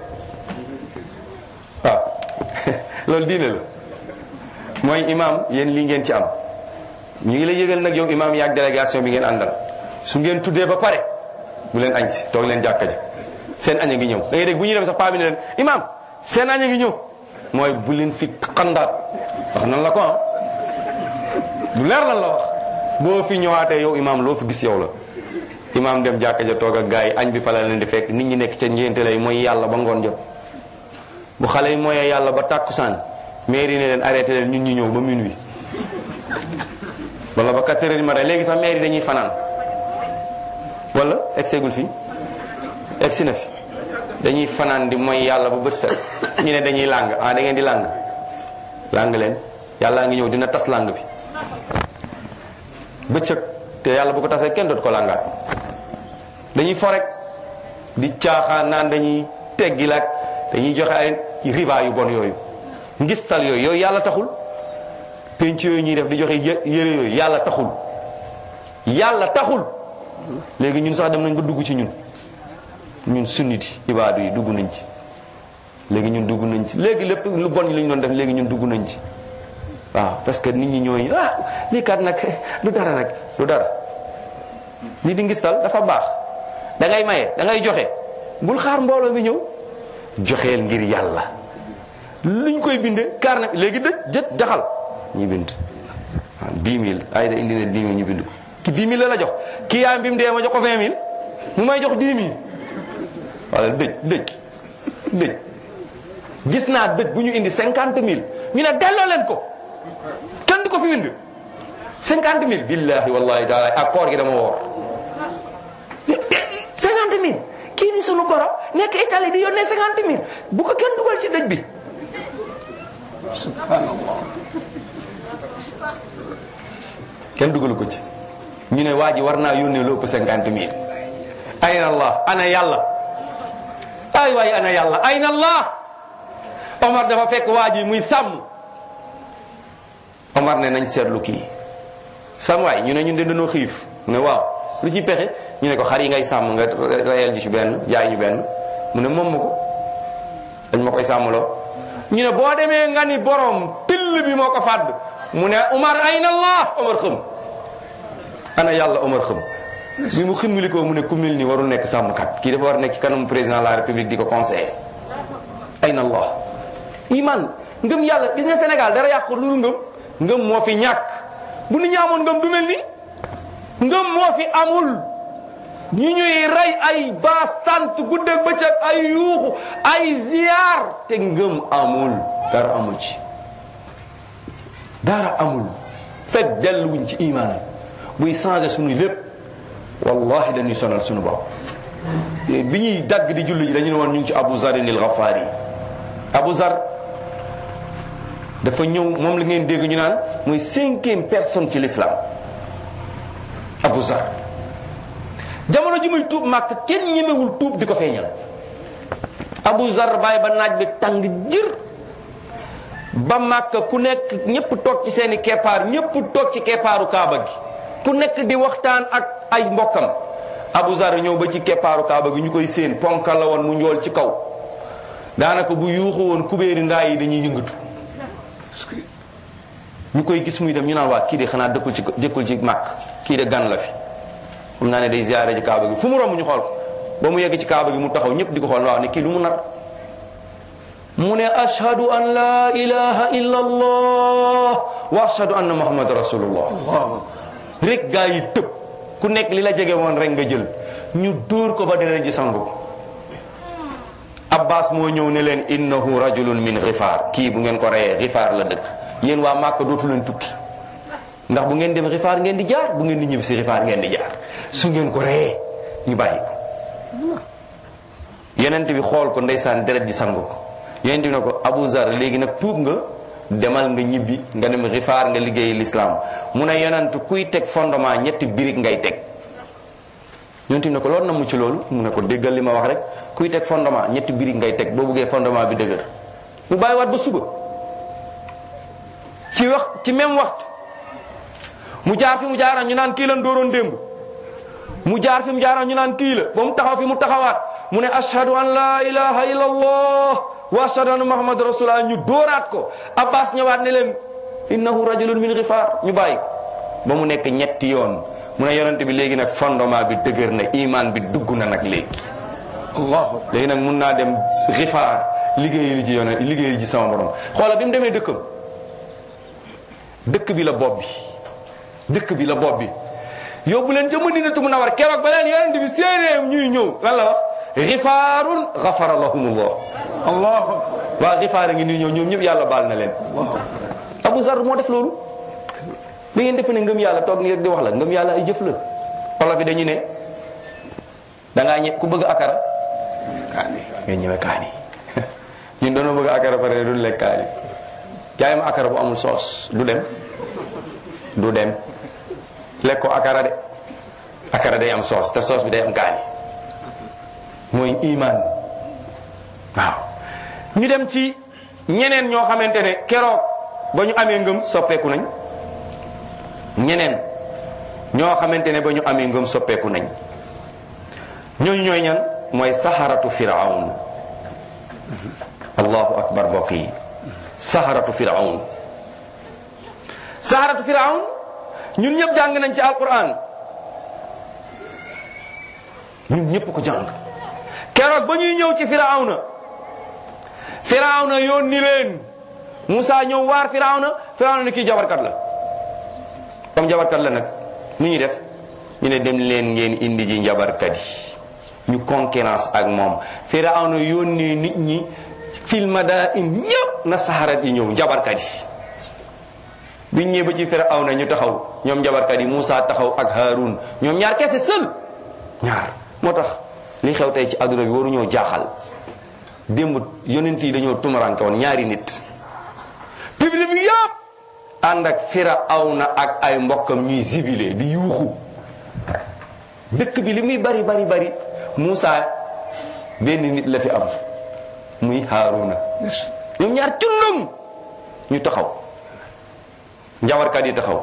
waaw loolu diine la mooy imaam yéen lii ngeen ci am ñu ngi lay yëgal nag yow imaam yaag délégation bi ngeen àndal su ngeen tuddee ba pare bu leen añ si toog leen jàkka ji seen añ a ngi ñëw da ngay dégg bu ñuy dem sax paa bi leen imaam seen añ a ngi ñëw mooy bu leen fi xandaat wax nan la ko ah du leer lan la wax boo fi ñëwaatee yow imaam loo fi gis yow la imaam dem jàkka ja toog ak gars yi añ bi fa la leen di fekk nit ñi nekk ca ngénte lay mooy yàlla ba ngoon jot bu xale yi mooyee yàlla ba tàkkusaan mairie ne leen arrêté leen ñun ñu ñëw ba minuit wala ba 4 heures du matin léegi sax mairie dañuy fanaan wala egseegul fi egsi na fi dañuy fanaan di mooy yàlla ba bët set ñu ne dañuy làng ah di làng làng leen yàllaa ngi ñëw dina tas làng bi bëccëg te yàlla bu ko tasee kenn dootu ko dañuy fo rek di caaxaan naan dañuy teggi dañuy joxe ay riba yu bon yooyu ngistal yooyu yooyu yàlla taxul penc yooyu ñuy def di joxe yére yooyu yàlla taxul yàlla taxul léegi ñun sax dem nañ ba dugg ci ñun ñun sunniti ibaadu yi dugg nañ ci léegi ñun dugg nañ ci léegi lépp lu bon lañu doon def léegi ñun dugg nañ ci waaw parce que nit ñi ñooy ah lii kat nag lu dara nag lu dara lii di ngistal dafa baax dangay ngay maye da joxe bul xaar mbooloo mi ñëw joxeel ngir yàlla luñ koy bindee kaar na léegi dëj jaxal ñu bind waaw 10 000 ay da ñu bind ko ki la jox kii yaa bi ma jox ko 20 000 may jox 10 000 dëj dëj gis naa dëj bu ñu indi cinquante 000 ñu ne delloo leen ko. kenn du ko fi yënd cinquante mille billahi wallahi taala ak koor gi dama woor cinquante mille kii di sunu goro nekk Italie di yónnee cinquante mille bu kenn dugal ci dëj bi subhanallah kenn dugalu ko ci ñu ne waa ji war naa yónnee lu ëpp cinquante mille ayna ana yàlla ay waay ana yàlla ayna allah Omar dafa fekk waa muy sàmm Omar ne nañ seetlu kii samwaay ñu ne ñun de dañoo xiif mu ne waaw lu ci pexe ñu ne ko xar yi ngay sàmm nga rayal ji ci benn jaay ñu benn mu ne moom ma ko dañ ma koy sàmmloo ñu ne boo demee nga ni borom till bi moo ko fàdd mu ne Omar ayna Allah Omar xëm ana yàlla Omar xëm bi mu ximmilikoo mu ne ku mel ni warul nekk sàmmkat kii dafa war nekk ci kanam président de la république di ko conseiller ayna Allah iman ngëm yàlla gis Sénégal dara yàqu lu ngëm ngëm moo fi ñàkk bu nit ñi amoon ngëm du mel ni ngëm moo fi amul ñu ñuy rey ay baas tant guddeeg bëccëg ay yuuxu ay ziyaar te ngëm amul dara amul ci dara amul fekk delluwuñ ci imaan buy changé suñu lépp wallahi dañuy sonal suñu bopp bi ñuy dagg di julli ji dañu ne woon ñu ngi ci Abu Zarin al Ghafari Abu dafa ñëw moom li ngeen dégg ñu naan mooy cinquième personne ci l'islam Abu Zar jamono ji muy tuub màkk kenn ñemewul tuub di ko feeñal Abu Zar bàyyi ba naaj bi tàng jër ba màkk ku nekk ñépp toog ci seeni keppaar ñépp toog ci keppaaru kaaba gi ku nekk di waxtaan ak ay mbokkam Abu Zar ñëw ba ci keppaaru kaaba gi ñu koy séen ponkal la woon mu njool ci kaw daanaka bu yuuxu woon kubéeri ndaa yi dañuy yëngatu ñu koy gis muy dem ñu naan waa kii de xanaa dëkkul ci dëkkul ci màkk kii de gan la fi xam naa ne de ziare ci kaaba gi fu mu romb ñu xool ko ba mu yegg ci kaaba gi mu taxaw ñëpp di ko xool wax ne kii lu mu nar mu ne ashhadu an laa ilaha illa allah wa ashhadu anna muhammad rasulullah rek gaa yi tëb ku nekk li la jege woon rek nga jël ñu dóor ko ba dere ji sangu abbas moo ñëw ne leen innahu rajulun min xifaar kii bu ngeen ko reyee xifaar la dëkk yéen waa Màkka dootu leen tukki ndax bu ngeen dem xifaar ngeen di jaar bu ngeen di ñibbisi xifaar ngeen di jaar su ngeen ko reyee ñu bàyyi ko yenent bi xool ko ndeysaan deret ji sangu ko yenent bi ne ko Abu Zar léegi nag tuub nga demal nga ñibbi nga dem xifaar nga liggéey lislaam mu ne yonent kuy teg fondement ñetti birig ngay teg yonent bi ne ko loolu na mu ci loolu mu ne ko déggal li ma wax rek kuy teg fondement ñetti brique ngay teg boo buggee fondement bi dëgër mu bàyyiwaat ba suba ci wax ci même waxtu mu jaar fi mu jaaraan ñu naan kii lan mu jaar fi mu jaaraan ñu naan kii la ba mu taxaw fi mu taxawaat mu ne ashhadu an laa ilaha illa allah wa ashhadu anna muhammad ñu dooraat ko abbas ñëwaat ne leen innahu rajulun min gifaar ñu bàyyi ba mu nekk ñetti yoon mu ne yonent bi léegi nag fondement bi dëgër na iman bi dugg na nag léegi léegi nag mun naa dem xifaraat liggéey li ci yoon liggéey ji sama borom xoola bi mu demee dëkkam dëkk bi la bopp bi dëkk bi la bopp bi yóbbu leen ca Madinatu Munawwara keroog ba leen yonent bi séeréem ñuy ñëw lan la wax xifaarun xafara lahumullah allah waa xifaar ñëw ñëpp yàlla baal na leen Abu Zar moo def loolu da ngeen defe ne ngëm yàlla toog ni rek di wax la ngëm yàlla ay jëf la olof bi dañu ne dangaa ñe ku bëgg akara kaani ngay ñëwee kaani ñun doon bëgg akara pare duñ lekk kaani jaay ma akara bu amul soos du dem du dem lekkoo ko akara de akara day am soos te soos bi day am kaani mooy iman waaw ñu dem ci ñeneen ñoo xamante ne keroog ba ñu amee ngëm soppeeku nañ ñeneen ñoo xamante ne ba ñu amee ngëm soppeeku nañ ñooñu ñooy ñan mooy saxaratu firawn allahu akbar mbokk yi saxaratu firawn ñun ñëpp jàng nañ ci alquran ñun ñëpp ko jàng keroog ba ñëw ci firawna firawna yónni leen Moussa ñëw waar firawna firawna ne kii jabarkat la comme jabarkat la nag nu ñuy def ñu ne dem leen ngeen indi ji njabarkat ñu concurrence ak moom Firawna yónnee nit ñi fil madaa'in ñëpp na saxarat yi ñëw njabarkat yi biñ ñëwee ba ci na ñu taxaw ñoom njabarkat yi Moussa taxaw ak Haroun ñoom ñaar kese sël ñaar moo tax li xew tey ci àdduna bi waruñoo jaaxal démb yonent yi dañoo tumaranke ñaari nit public bi yëpp ànd ak ay mbokkam ñuy bi li muy bari bari bari Moussa benn nit la fi am muy Haaruna ñoom ñaar cundum ñu taxaw njabarkat yi taxaw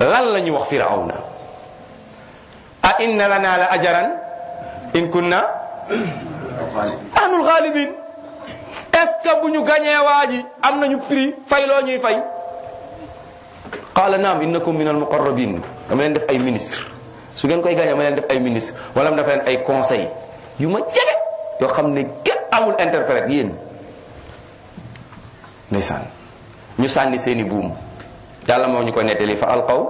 lan la ñu wax Firawna a inna lana la ajaran in kunna ahnul xaalibin est-ce que bu ñu gañee waa ji am nañu prix fay loo ñuy fay qaala naam innakum min al muqarrabin dama leen ay ministre su ngeen koy gagné ma leen def ay ministre wala mu def ay conseil yu ma jege yoo xam ne kenn amul interprète yéen ndeysaan ñu sànni seeni buum yàlla moo ñu ko nettali fa alqaw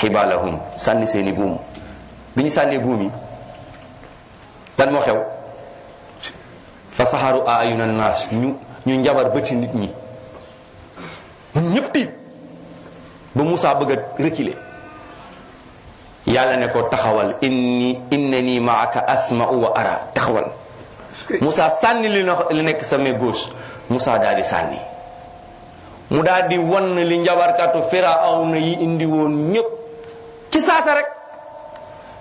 xibaalahum sànni seeni buum bi ñu sànnee buum yi lan moo xew fa saxaru aayuna naas ñu ñu njabar bëti nit ñi ñun ñëpp ba musaa bëgg a reculer yàlla ne ko taxawal inni innani maaka asma'u wa ara taxawal Moussa sànni li nekk sa main gauche Moussa daal sànni mu daal di li njabarkatu Firawna yi indi woon ñëpp ci saasa rek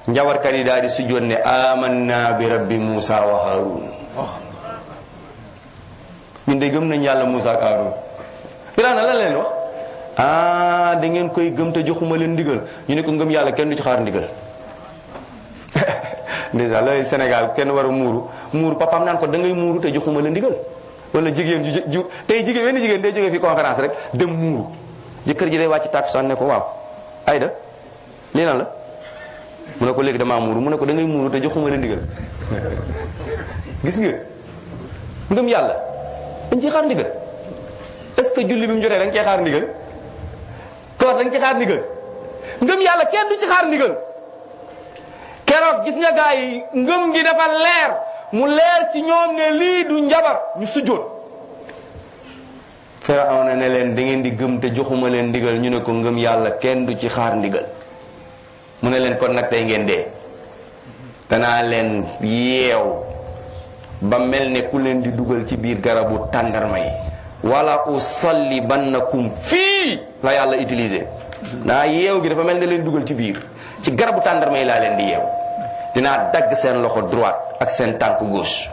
njabarkat yi daal di sujjoon ne amanna bi rabbi Moussa wa Haarun ñun de nañ yàlla musa ak Haarun Firawna lan leen wax ah da ngeen koy gëm te joxuma leen ndigal ñu ne ko ngëm yàlla kenn du ci xaar ndigal déjà lay Sénégal kenn war a muuru muuru papaam naan ko da ngay muuru te joxuma leen ndigal wala jigéen ju ju tey jigéen wenn jigéen day jógee fi conférence rek dem muuru jëkkër ji day wàcc tàkkusaan ne ko Ayda lii lan la mu ne ko léegi damaa muuru mu ne ko da ngay muuru te joxuma leen ndigal gis nga ngëm yàlla dañ ci xaar ndigal est-ce que julli bi mu jotee da nga cee xaar ndigal war dañ ci xaar ndigal ngëm yàlla kenn du ci xaar ndigal keroog gis nga gaa yi ngëm gi dafa leer mu leer ci ñoom ne lii du njabar ñu sujjoon Firawna ne leen dangeen di gëm te joxuma leen ndigal ñu ne ko ngëm yàlla kenn du ci xaar ndigal mu ne leen kon nag tey ngeen dee danaa leen yeew ba mel ne ku leen di dugal ci biir garabu tàndarma yi wala usallibannakum fii la yàlla utilisé naa yeew gi dafa mel ne leen dugal ci biir ci garabu tàndarma yi laa leen di yeew dinaa dagg seen loxo droite ak seen tànk gauche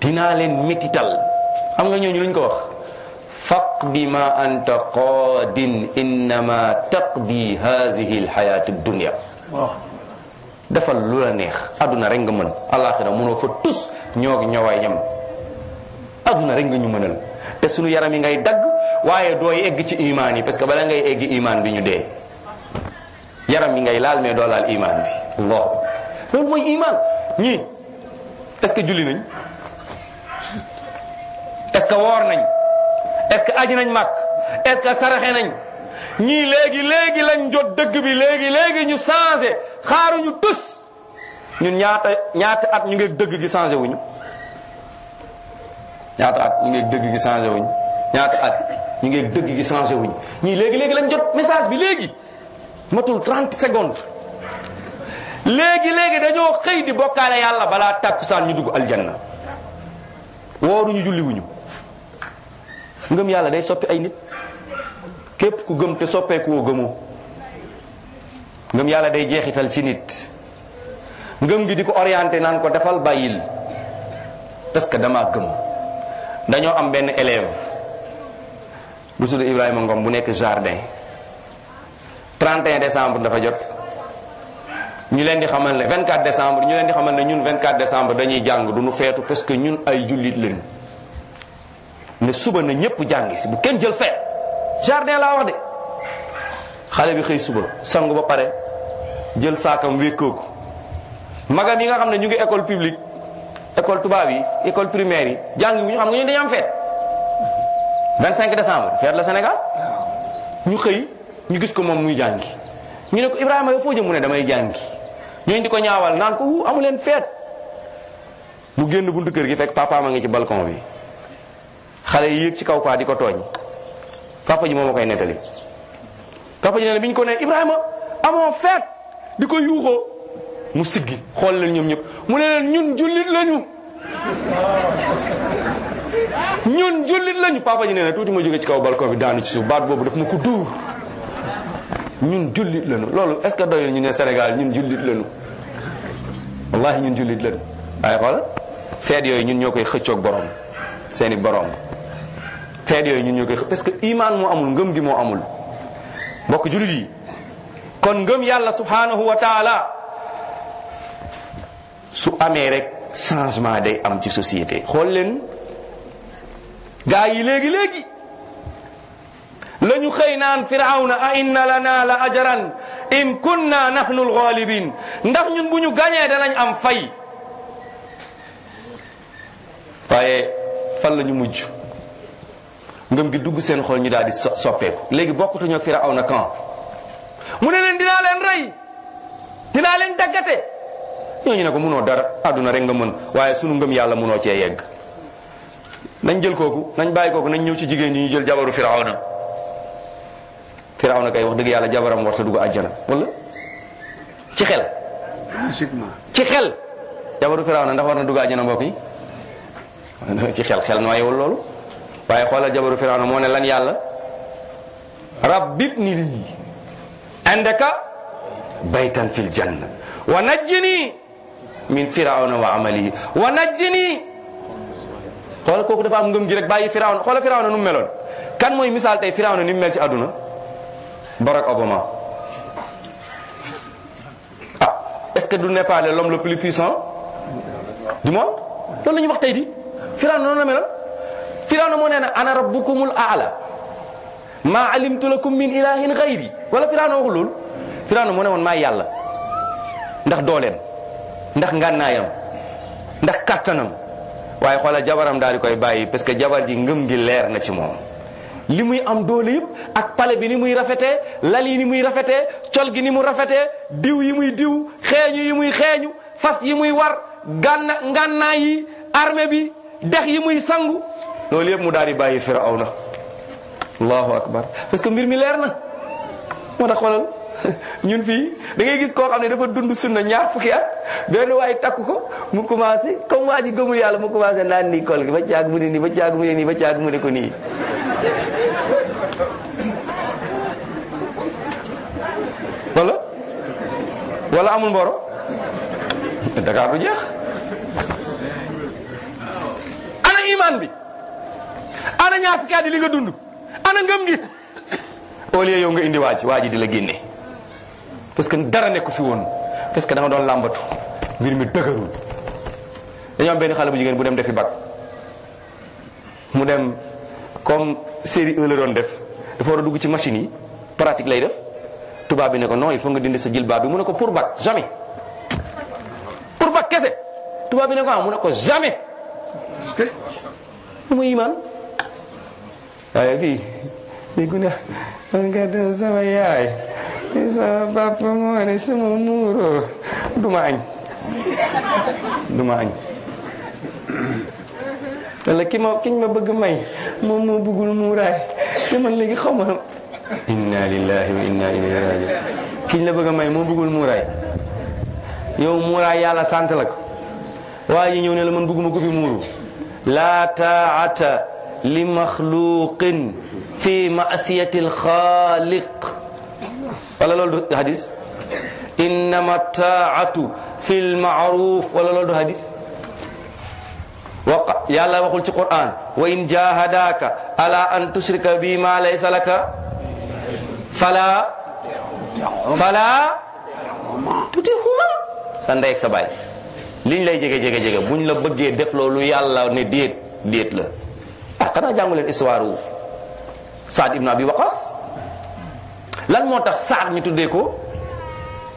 dinaa leen métital am nga ñooñu luñ ko wax faqdi ma anta qaadin innama taqdi haadihi alxayaat addunia defal lu la neex adduna rek nga mën alaxira mënoo fa tus ñoogi ñowaay ñam aduna rek nga ñu mënal te suñu yaram yi ngay dagg waaye dooy egg ci imaan yi parce que bala ngay egg imaan bi ñu dee yaram yi ngay laal mais doo laal imaan bi Allah loolu mooy imaan ñii est que julli nañ est woor nañ est-ce nañ màkk est-ce que saraxe nañ ñii léegi léegi lañ jot dëgg bi léegi léegi ñu changé xaaruñu tus ñun ñaata ñaata at ñu ngi dëgg gi changé wuñu ñaata at ñu ngeeg dëgg gi changé wuñ ñaata at ñu ngeeg dëgg gi changé wuñ ñii léegi léegi lañ jot message bi léegi matul 30 secondes léegi léegi dañoo xëy di bokkaale yàlla balaa tàkkusaan ñu dugg aljanna wooruñu julliwuñu ngëm yàlla day soppi ay nit képp ku gëm te soppeeku woo gëmoo ngëm yàlla day jeexital ci nit ngëm gi di ko orienté naan ko defal bàyyil parce que damaa gëm. dañoo am benn élève bu tudd Ibrahima Ngom bu nekk jardin 31 décembre dafa jot ñu leen di xamal ne 24 décembre ñu leen di xamal na ñun 24 décembre dañuy jàng du ñu feetu parce que ñun ay jullit lañu ne suba na ñëpp jàngi si bu kenn jël feet jardin laa wax de xale bi xëy suba sangu ba pare jël saakam wékkooku magam yi nga xam ne ñu ngi école publique. école tubaab yi école primaire yi jàng wu ñu xam nga ñun dañu am feet cinq décembre feet la Sénégal ñu xëy ñu gis ko moom muy jàngi ñu ne ko Ibrahima yow foo jëm ne damay jàngi ñooñu di ko ñaawal naan ko wu amu leen feet mu génn buntu kër gi fekk papa ma ngi ci balcon bi xale yi yéeg ci kaw quoi di ko tooñ papa ji moom a koy nettali papa ji nee bi ñu ko ne Ibrahima amoo feet di ko yuuxoo mu siggi xool leen ñoom ñëpp mu ne leen ñun jullit lañu ñun jullit lañu papa ji nee na tuuti ma jóge ci kaw balcon bi daanu ci suuf baat boobu daf ma ko dóor ñun jullit lañu loolu est-ce que doyul ñu ne Sénégal ñun jullit lañu wallahi ñun jullit lañu waaye xool feet yooyu ñun ñoo koy xëccoog borom seeni borom feet yooyu ñun ñoo koy parce que imaan moo amul ngëm gi moo amul mbokk jullit yi kon ngëm yàlla subhanahu su amee rek changement day am ci société xool leen gaa yi léegi léegi lañu xëy naan firawna a inna lana la ajaran in kunna nahnu alghalibin ndax ñun bu ñu gañee danañ am fay waaye fan la ñu mujj ngëm gi dugg seen xool ñu daal di soppeeku léegi bokkatuñu ak firawna kan mu ne leen dinaa leen rey dinaa leen daggate ñooñu ne ko mënoo dara àdduna rek nga mën waaye sunu ngëm yàlla munoo cee yegg nañ jël kooku nañ bàyyi kooku nañ ñëw ci jigéen ñi ñu jël jabaru firawna firawna kay wax dëgg yàlla jabaram war ta dugg àjjana wala ci xel ci xel jabaru firawna ndax na dugg àjjana mbokk yi ci xel xel nooyewul loolu waaye xoolal jabaru na moo ne lan yàlla rabbit ni lii indaka baytan fil janna wa najjini min firawna wa amalihi wa najjini xoolal kooku dafa am ngëm gi rek bàyyi firawna xoolal firawna meloon kan mooy misaal tey firawna ni mu mel ci àdduna Barack Obama ah est-ce que du n'est pas wax tey di firawna la meloon firawna moo nee na ana rabbukumul aala maa alimtu lakum min ilahin gayri wala firawna waxul loolu firawna moo ne woon maa yàlla ndax dooleem ndax ngànnaayam ndax kàttanam waaye xoolal jabaram daal di koy bàyyi parce que jabar ji ngëm gi leer na ci moom li muy am doole yëpp ak pale bi ni muy rafetee lal yi ni muy rafetee col gi ni mu rafetee diw yi muy diw xeeñu yi muy xeeñu fas yi muy war gànna ngànnaay yi armée bi dex yi muy sangu loolu yëpp mu daal di bàyyi firawna allahu akbar parce que mbir mi leer na moo tax xoolal ñun fii da ngay gis koo xam ne dafa dund sunna ñaar fukki at benn waaye takk ko mu commencé comme waa ji gëmul yàlla mu commencé naan nii kol gi ba caag mu ne nii ba caag mu ne ko nii. wala wala amul mboro Dakar du jeex ana iman bi ana ñaar fukki at yi li nga dund ana ngëm gi au yow nga indi waa ji waa ji di la génne. parce que dara nekku fi woon parce que dama doon làmbatu mbir mi dëgërul dañoo am benn xale bu jigéen bu dem defi bac mu dem comme série la doon def dafa war a dugg ci machine yi pratique lay def tubaab bi ne ko non il faut nga dindi sa jilbaab bi mu ne ko pour bac jamais pour bac kese tubaab bi ne ko ah mu ne ko jamais lu muy imaan waaye fii léegi ne sama yaay ni sama papa moo ne sama muuroo duma añ duma añ walla ki ma kiñ ma bëgg may moom moo bëggul muuraay te man léegi xaw ma inna lillahi wa inna ilayhi rajiun kiñ la bëgg may moo bëggul muuraay yow muuraay yàlla sant la ko waa ne la man bëgguma ko fi muuru laa taata li maxluqin fi maasiyati alxaaliq wala loolu du hadis innama taatu fi lmaaruf wala loolu du hadis wa yàlla waxul ci quran wa in jahadaka ala an tushrika bi ma laysa laka fala fala tutihuma sa ndey ak sa baay liñ lay jege jege jege buñ la bëggee def loolu yàlla ne déet déet la ah xanaa jàngu leen histoire wu Saad ibn Abi Waqas lan moo tax saad ñu tuddee ko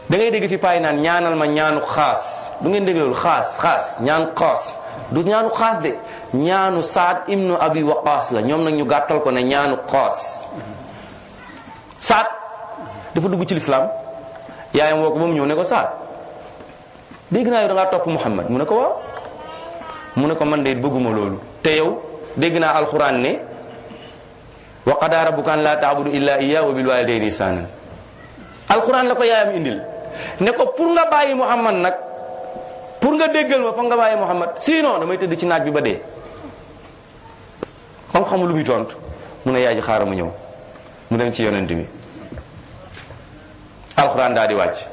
da dégg fi paay naan ñaanal ma ñaanu xaas du ngeen dégg loolu xaas xaas ñaan xaas du ñaanu xaas de ñaanu saat ibnu abi waqaas la ñoom nag ñu gàttal ko ne ñaanu xaas saad dafa dugg ci lislaam yaayam woo ko ba mu ñëw ne ko saad dégg naa yow da ngaa topp Muhammad mu ne ko waaw mu ne ko man de bëgguma loolu te yow dégg naa alxuraan ne wa qadaa rabbuka an laa taabudu illaa iyyaahu wa bil waalidayni ihsaanan alquran la ko yaayam indil ne ko pour nga bàyyi Muhammad nag pour nga déggal ma foog nga bàyyi Muhammad sinon damay tëdd ci naaj bi ba dee. xam-xamu lu muy tontu mu ne yaay ji xaaral mu ñëw mu dem ci yonent bi alquran daal di wàcc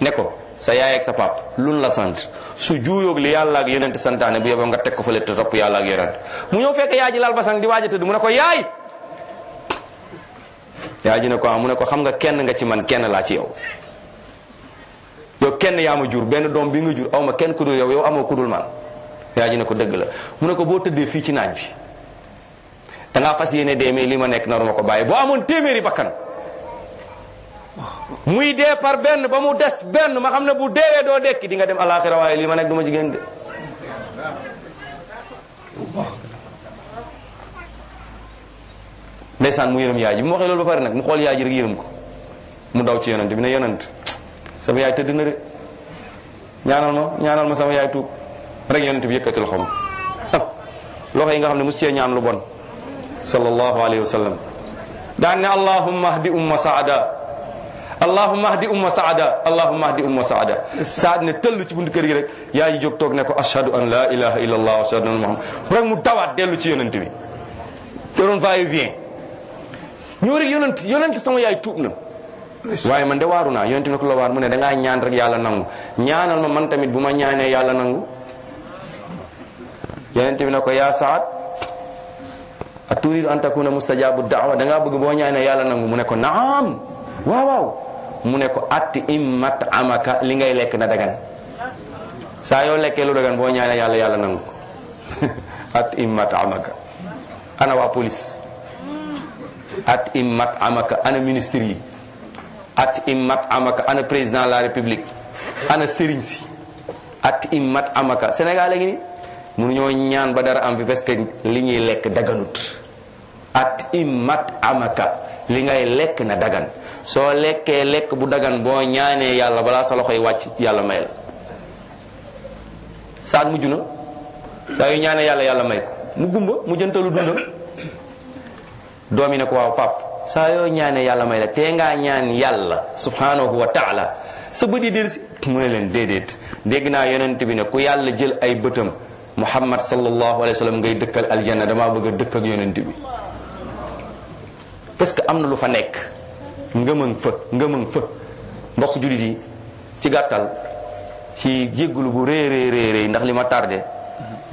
ne ko sa yaay ak sa lu luñ la sant su juuyoog li yàlla ak yonent santaane bu yeboo nga teg ko fële te topp yàlla ak yonent mu ñëw fekk yaay laal basang di a tëdd mu ne yaay ji ne ko am mu ne ko xam nga kenn nga ci man kenn laa ci yow yow kenn yaa ma jur benn doom bi nga jur aw ma kenn ku dul yow yow amoo ku dul man yaay ji ne ko dëgg la mu ne ko boo tëddee fii ci naaj bi da ngaa fas yéene dee mais li ma nekk naru ma ko bàyyi boo amoon téeméeri bakkan muy dee par benn ba mu des benn ma xam ne bu deewee doo dekki di nga dem alaxira waaye li ma nekk du ma ndeysaan mu yërëm yaay ji mu waxee loolu ba pare mu xool yaay rek yërëm ko mu daw ci yonent bi na yonent sama yaay tëdd na ma ñaanal ma sama yaay tuub rek yonent bi yëkkati loxoom loxo yi nga xam ne mosu cee ñaan lu bon sallallahu alayhi wa sallam daan ne allahumma ahdi umma saada allahumma ahdi umma saada allahumma ahdi umma saada saad ne tëll ci buntu kër gi rek yaa ji jóg toog ne ko ashhadu an la ilaha illa allah wa ashhadu anna muhammad rek mu dawaat dellu ci yonent bi te doon va et vient ñoo rek yonent yonent sama yaay tuub waaye man de waaru naa yonent na ko la waar mu ne dangaa ñaan rek yàlla nangu ñaanal ma man tamit bu ma ñaanee yàlla nangu yonent bi ne ko yaa saad aturidu an takuna mustajabu daawa bëgg boo ñaanee yàlla nangu mu ne ko naam waaw waaw mu ne ko atti immat amaka li ngay lekk na dagan saa yoo lekkee lu dagan boo ñaanee yàlla yàlla nangu atti immat amaka ana waa police at im mat amaka ana ministre yi at im mat amaka ana président la république ana sëriñ si at im mat amaka Sénégal a ngi ni mënu ñoo ñaan ba dara am fi parce li ñuy lekk daganut at im mat amaka li ngay lekk na dagan soo lekkee lekk bu dagan boo ñaanee yàlla balaa sa loxoy wàcc yàlla may la saat mujj na saa yu ñaanee yàlla yàlla may ko mu gumba mu dundam doom yi ne waaw pap saa yoo ñaanee yàlla may la tee nga ñaan yàlla subhanahu wa taala sa bët yi del si mu ne leen déedéet dégg naa yonent bi ne ku yàlla jël ay bëtam muhammad sallallahu alayhi wa sallam ngay dëkkal aljanna damaa bëgg a dëkk ak yonent bi parce que am na lu fa nekk ngëmën nga ngëmën fa mbokk jullit yi ci gàttal ci jéggulu bu réy réy ndax li ma tardé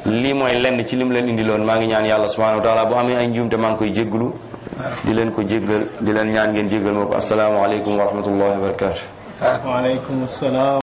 lii mooy lenn ci lim leen indiloon maa ngi ñaan yàlla subhanahu wa taala bu amee ay njuumte maa ngi koy jéggalu di leen ko jéggal di leen ñaan ngeen jéggal moo ko asalaamaaleykum wa rahmatullahi wa barakatu waaleykum salaam